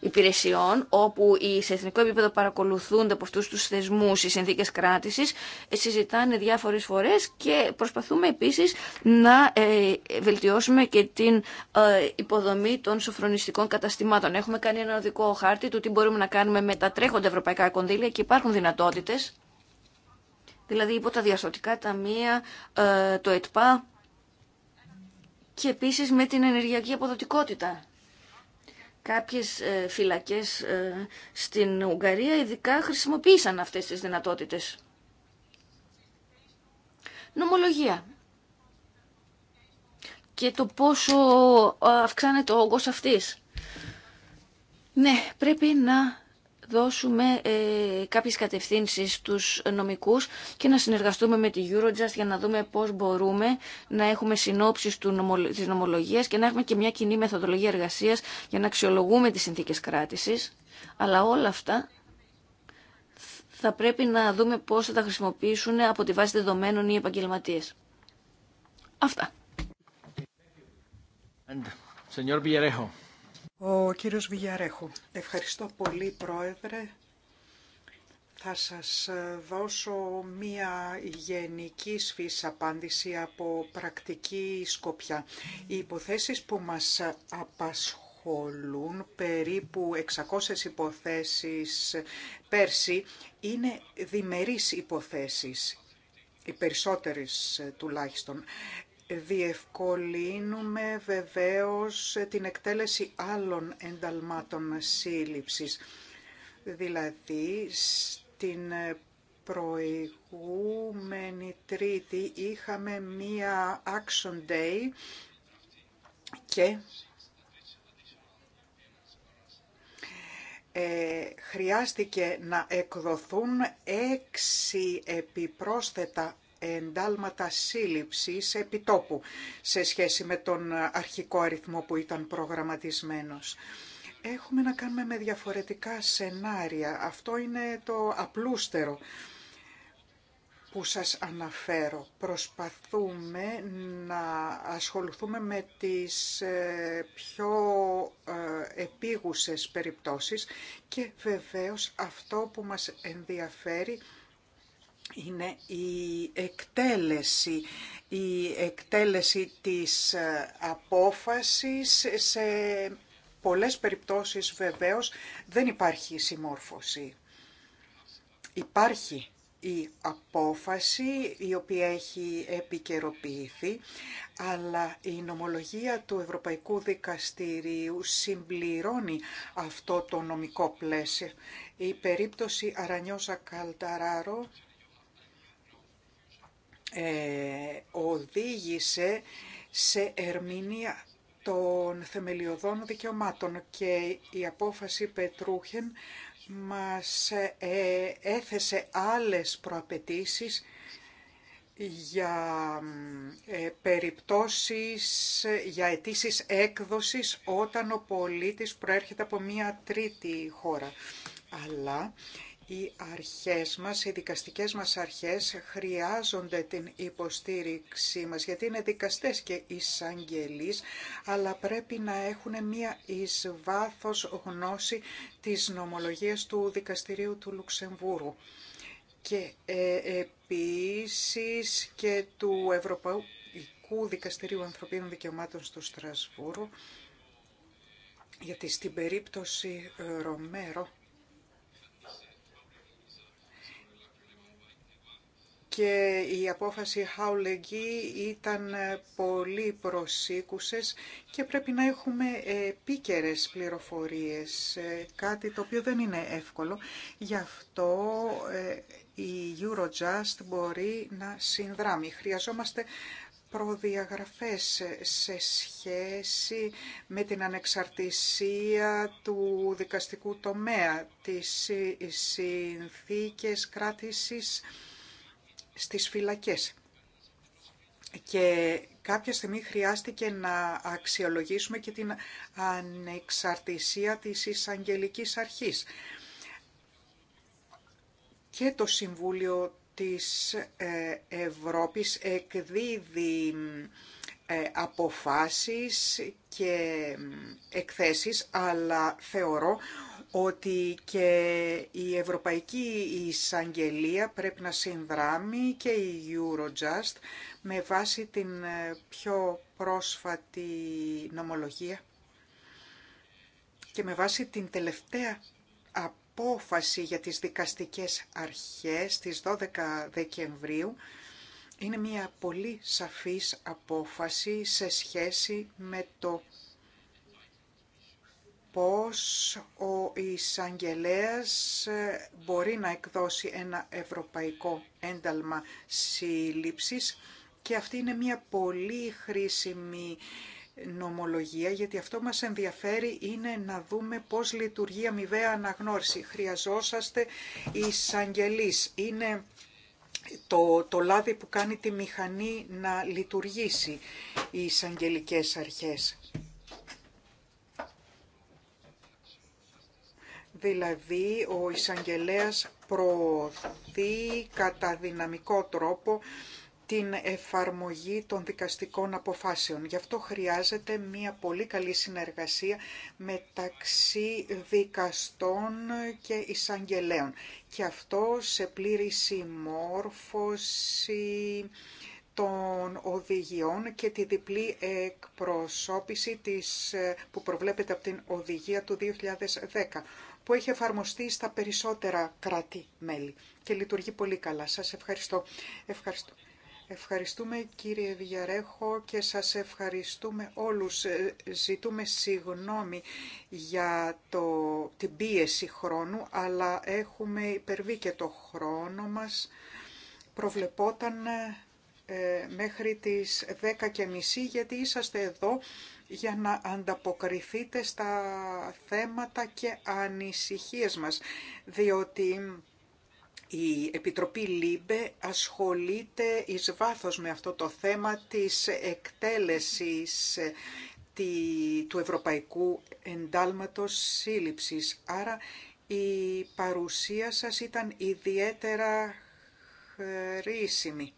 υπηρεσιών, όπου σε εθνικό επίπεδο παρακολουθούνται από αυτού τους θεσμούς οι συνθήκες κράτησης, ε, συζητάνε διάφορες φορές και προσπαθούμε επίσης να βελτιώσουμε και την υποδομή των σοφρονιστικών καταστημάτων. Έχουμε κάνει ένα οδικό χάρτη του τι μπορούμε να κάνουμε με τα τρέχοντα ευρωπαϊκά κονδύλια και υπάρχουν δυνατότητες, Δηλαδή υπό τα διαστοτικά ταμεία, το ΕΤΠΑ, και επίσης με την ενεργειακή αποδοτικότητα. Κάποιες ε, φυλακές ε, στην Ουγγαρία ειδικά χρησιμοποίησαν αυτές τις δυνατότητες. Νομολογία και το πόσο ε, αυξάνεται ο όγκος αυτής. Ναι, πρέπει να δώσουμε ε, κάποιες κατευθύνσεις στους νομικούς και να συνεργαστούμε με τη Eurojust για να δούμε πώς μπορούμε να έχουμε συνόψεις της νομολογίας και να έχουμε και μια κοινή μεθοδολογία εργασίας για να αξιολογούμε τις συνθήκες κράτησης. Αλλά όλα αυτά θα πρέπει να δούμε πώς θα τα χρησιμοποιήσουν από τη βάση δεδομένων οι επαγγελματίες. Αυτά. Ο κύριος Βηγιαρέχου. Ευχαριστώ πολύ πρόεδρε. Θα σας ε, δώσω μία γενική σφής απάντηση από πρακτική σκοπιά. Οι υποθέσεις που μας απασχολούν, περίπου 600 υποθέσεις πέρσι, είναι διμερείς υποθέσεις οι περισσότερες ε, τουλάχιστον. Διευκολύνουμε βεβαίως την εκτέλεση άλλων ενταλμάτων σύλληψης, δηλαδή στην προηγούμενη Τρίτη είχαμε μία Action Day και ε, χρειάστηκε να εκδοθούν έξι επιπρόσθετα εντάλματα σύλληψης επιτόπου σε σχέση με τον αρχικό αριθμό που ήταν προγραμματισμένος. Έχουμε να κάνουμε με διαφορετικά σενάρια. Αυτό είναι το απλούστερο που σας αναφέρω. Προσπαθούμε να ασχοληθούμε με τις ε, πιο ε, επίγουσες περιπτώσεις και βεβαίως αυτό που μας ενδιαφέρει είναι η εκτέλεση, η εκτέλεση της ε, απόφασης σε πολλές περιπτώσεις βεβαίως δεν υπάρχει συμμόρφωση. Υπάρχει η απόφαση η οποία έχει επικαιροποιηθεί, αλλά η νομολογία του Ευρωπαϊκού Δικαστηρίου συμπληρώνει αυτό το νομικό πλαίσιο. Η περίπτωση Αρανιώσα Καλταράρο ε, οδήγησε σε ερμηνεία των θεμελιωδών δικαιωμάτων και η απόφαση Πετρούχεν μας ε, έθεσε άλλες προαπαιτήσεις για ε, περιπτώσεις, για αιτήσει έκδοσης όταν ο πολίτης προέρχεται από μία τρίτη χώρα. Αλλά οι αρχές μας, οι δικαστικές μας αρχές χρειάζονται την υποστήριξή μας γιατί είναι δικαστές και εισαγγελείς αλλά πρέπει να έχουν μία εις βάθος γνώση της νομολογίας του Δικαστηρίου του Λουξεμβούρου και ε, επίσης και του Ευρωπαϊκού Δικαστηρίου Ανθρωπίνων Δικαιωμάτων στο Στρασβούρου γιατί στην περίπτωση Ρομέρο και η απόφαση Χαουλεγγύ ήταν πολύ προσήκουσες και πρέπει να έχουμε πίκερες πληροφορίες, ε, κάτι το οποίο δεν είναι εύκολο. Γι' αυτό ε, η Eurojust μπορεί να συνδράμει. Χρειαζόμαστε προδιαγραφές σε σχέση με την ανεξαρτησία του δικαστικού τομέα, τις συνθήκες κράτησης στις φυλακές. Και κάποια στιγμή χρειάστηκε να αξιολογήσουμε και την ανεξαρτησία της εισαγγελική αρχής. Και το Συμβούλιο της ε, Ευρώπης εκδίδει ε, αποφάσεις και εκθέσεις, αλλά θεωρώ ότι και η Ευρωπαϊκή Εισαγγελία πρέπει να συνδράμει και η Eurojust με βάση την ε, πιο πρόσφατη νομολογία και με βάση την τελευταία απόφαση για τις δικαστικές αρχές της 12 Δεκεμβρίου είναι μια πολύ σαφής απόφαση σε σχέση με το πώς ο εισαγγελέα μπορεί να εκδώσει ένα ευρωπαϊκό ένταλμα σύλληψης και αυτή είναι μια πολύ χρήσιμη νομολογία γιατί αυτό μας ενδιαφέρει είναι να δούμε πώς λειτουργεί αμοιβαία αναγνώριση. Χρειαζόσαστε εισαγγελείς. Είναι το, το λάδι που κάνει τη μηχανή να λειτουργήσει οι εισαγγελικές αρχές. Δηλαδή, ο εισαγγελέα προωθεί κατά δυναμικό τρόπο την εφαρμογή των δικαστικών αποφάσεων. Γι' αυτό χρειάζεται μια πολύ καλή συνεργασία μεταξύ δικαστών και εισαγγελέων. Και αυτό σε πλήρη συμμόρφωση των οδηγιών και τη διπλή εκπροσώπηση της, που προβλέπεται από την οδηγία του 2010 που έχει εφαρμοστεί στα περισσότερα κράτη-μέλη και λειτουργεί πολύ καλά. Σας ευχαριστώ. ευχαριστώ. Ευχαριστούμε κύριε Βιαρέχο και σας ευχαριστούμε όλους. Ε, ζητούμε συγγνώμη για το, την πίεση χρόνου, αλλά έχουμε υπερβεί και το χρόνο μας. Προβλεπόταν ε, ε, μέχρι τις 10.30 γιατί είσαστε εδώ για να ανταποκριθείτε στα θέματα και ανησυχίες μας, διότι η Επιτροπή ΛΥΜΠΕ ασχολείται εις βάθος με αυτό το θέμα της εκτέλεσης ε, του Ευρωπαϊκού Εντάλματος Σύλληψης. Άρα η παρουσία σας ήταν ιδιαίτερα χρήσιμη.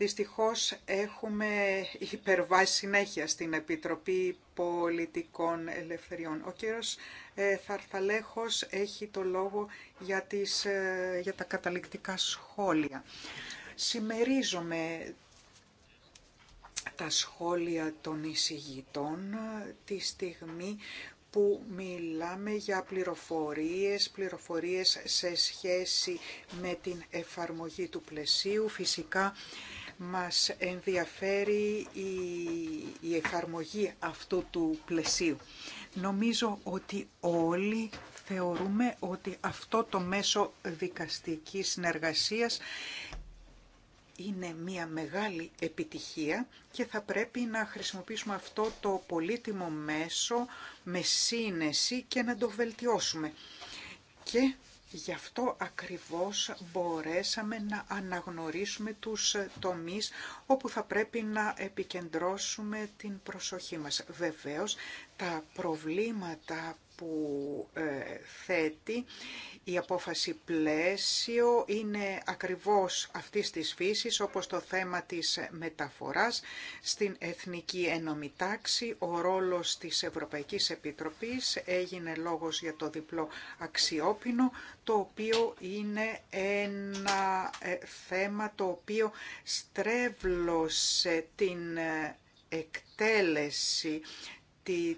Δυστυχώς έχουμε υπερβάσει συνέχεια στην Επιτροπή Πολιτικών Ελευθεριών. Ο κύριος ε, Θαρθαλέχος έχει το λόγο για, τις, ε, για τα καταληκτικά σχόλια. Σημερίζομαι τα σχόλια των εισηγητών τη στιγμή που μιλάμε για πληροφορίες, πληροφορίες σε σχέση με την εφαρμογή του πλαισίου, φυσικά μας ενδιαφέρει η, η εφαρμογή αυτού του πλαισίου. Νομίζω ότι όλοι θεωρούμε ότι αυτό το μέσο δικαστικής συνεργασίας είναι μια μεγάλη επιτυχία και θα πρέπει να χρησιμοποιήσουμε αυτό το πολύτιμο μέσο με σύνεση και να το βελτιώσουμε. Και Γι' αυτό ακριβώς μπορέσαμε να αναγνωρίσουμε τους τομείς όπου θα πρέπει να επικεντρώσουμε την προσοχή μας. Βεβαίως, τα προβλήματα που ε, θέτει η απόφαση πλαίσιο είναι ακριβώς αυτής της φύσης όπως το θέμα της μεταφοράς στην Εθνική Ενωμητάξη. Ο ρόλος της Ευρωπαϊκής Επιτροπής έγινε λόγος για το διπλό αξιόπινο το οποίο είναι ένα ε, θέμα το οποίο στρέβλωσε την ε, εκτέλεση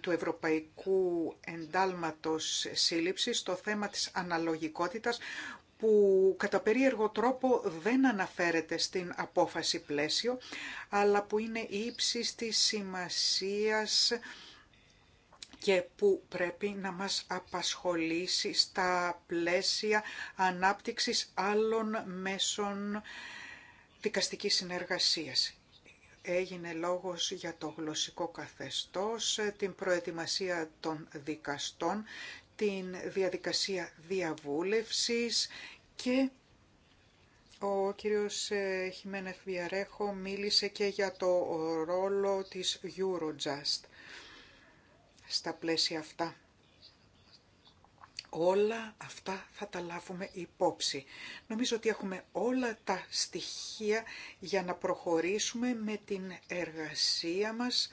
του Ευρωπαϊκού Εντάλματος Σύλληψης το θέμα της αναλογικότητας που κατά περίεργο τρόπο δεν αναφέρεται στην απόφαση πλαίσιο, αλλά που είναι ύψης της σημασίας και που πρέπει να μας απασχολήσει στα πλαίσια ανάπτυξης άλλων μέσων δικαστικής συνεργασίας έγινε λόγος για το γλωσσικό καθεστώς, την προετοιμασία των δικαστών, την διαδικασία διαβούλευσης και ο κύριος ε, Χιμένεφ Βιαρέχο μίλησε και για το ρόλο της Eurojust στα πλαίσια αυτά. Όλα αυτά θα τα λάβουμε υπόψη. Νομίζω ότι έχουμε όλα τα στοιχεία για να προχωρήσουμε με την εργασία μας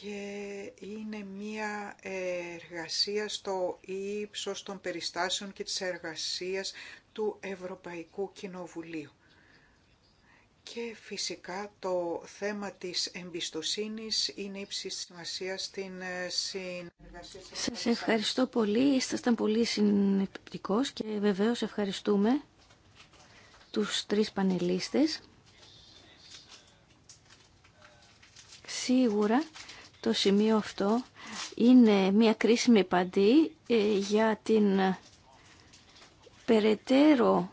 και είναι μία εργασία στο ύψος των περιστάσεων και της εργασίας του Ευρωπαϊκού Κοινοβουλίου. Και φυσικά το θέμα της εμπιστοσύνης είναι ύψη σημασία στην ε, συνεργασία. Σας ευχαριστώ πολύ. Ήσασταν πολύ συνεπτικός και βεβαίως ευχαριστούμε τους τρεις πανελίστες. Σίγουρα το σημείο αυτό είναι μια κρίσιμη παντή ε, για την περαιτέρω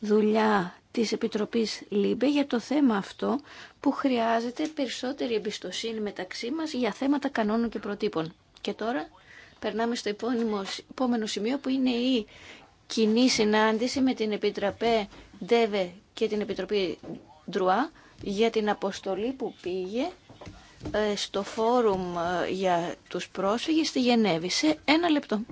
δουλειά της Επιτροπής ΛΥΜΠΕ για το θέμα αυτό που χρειάζεται περισσότερη εμπιστοσύνη μεταξύ μας για θέματα κανόνων και προτύπων. Και τώρα περνάμε στο επόμενο σημείο που είναι η κοινή συνάντηση με την Επιτροπή ΝΤΕΒΕ και την Επιτροπή Ντρουά για την αποστολή που πήγε ε, στο φόρουμ ε, για τους πρόσφυγες στη Γενέβη. Σε ένα λεπτό.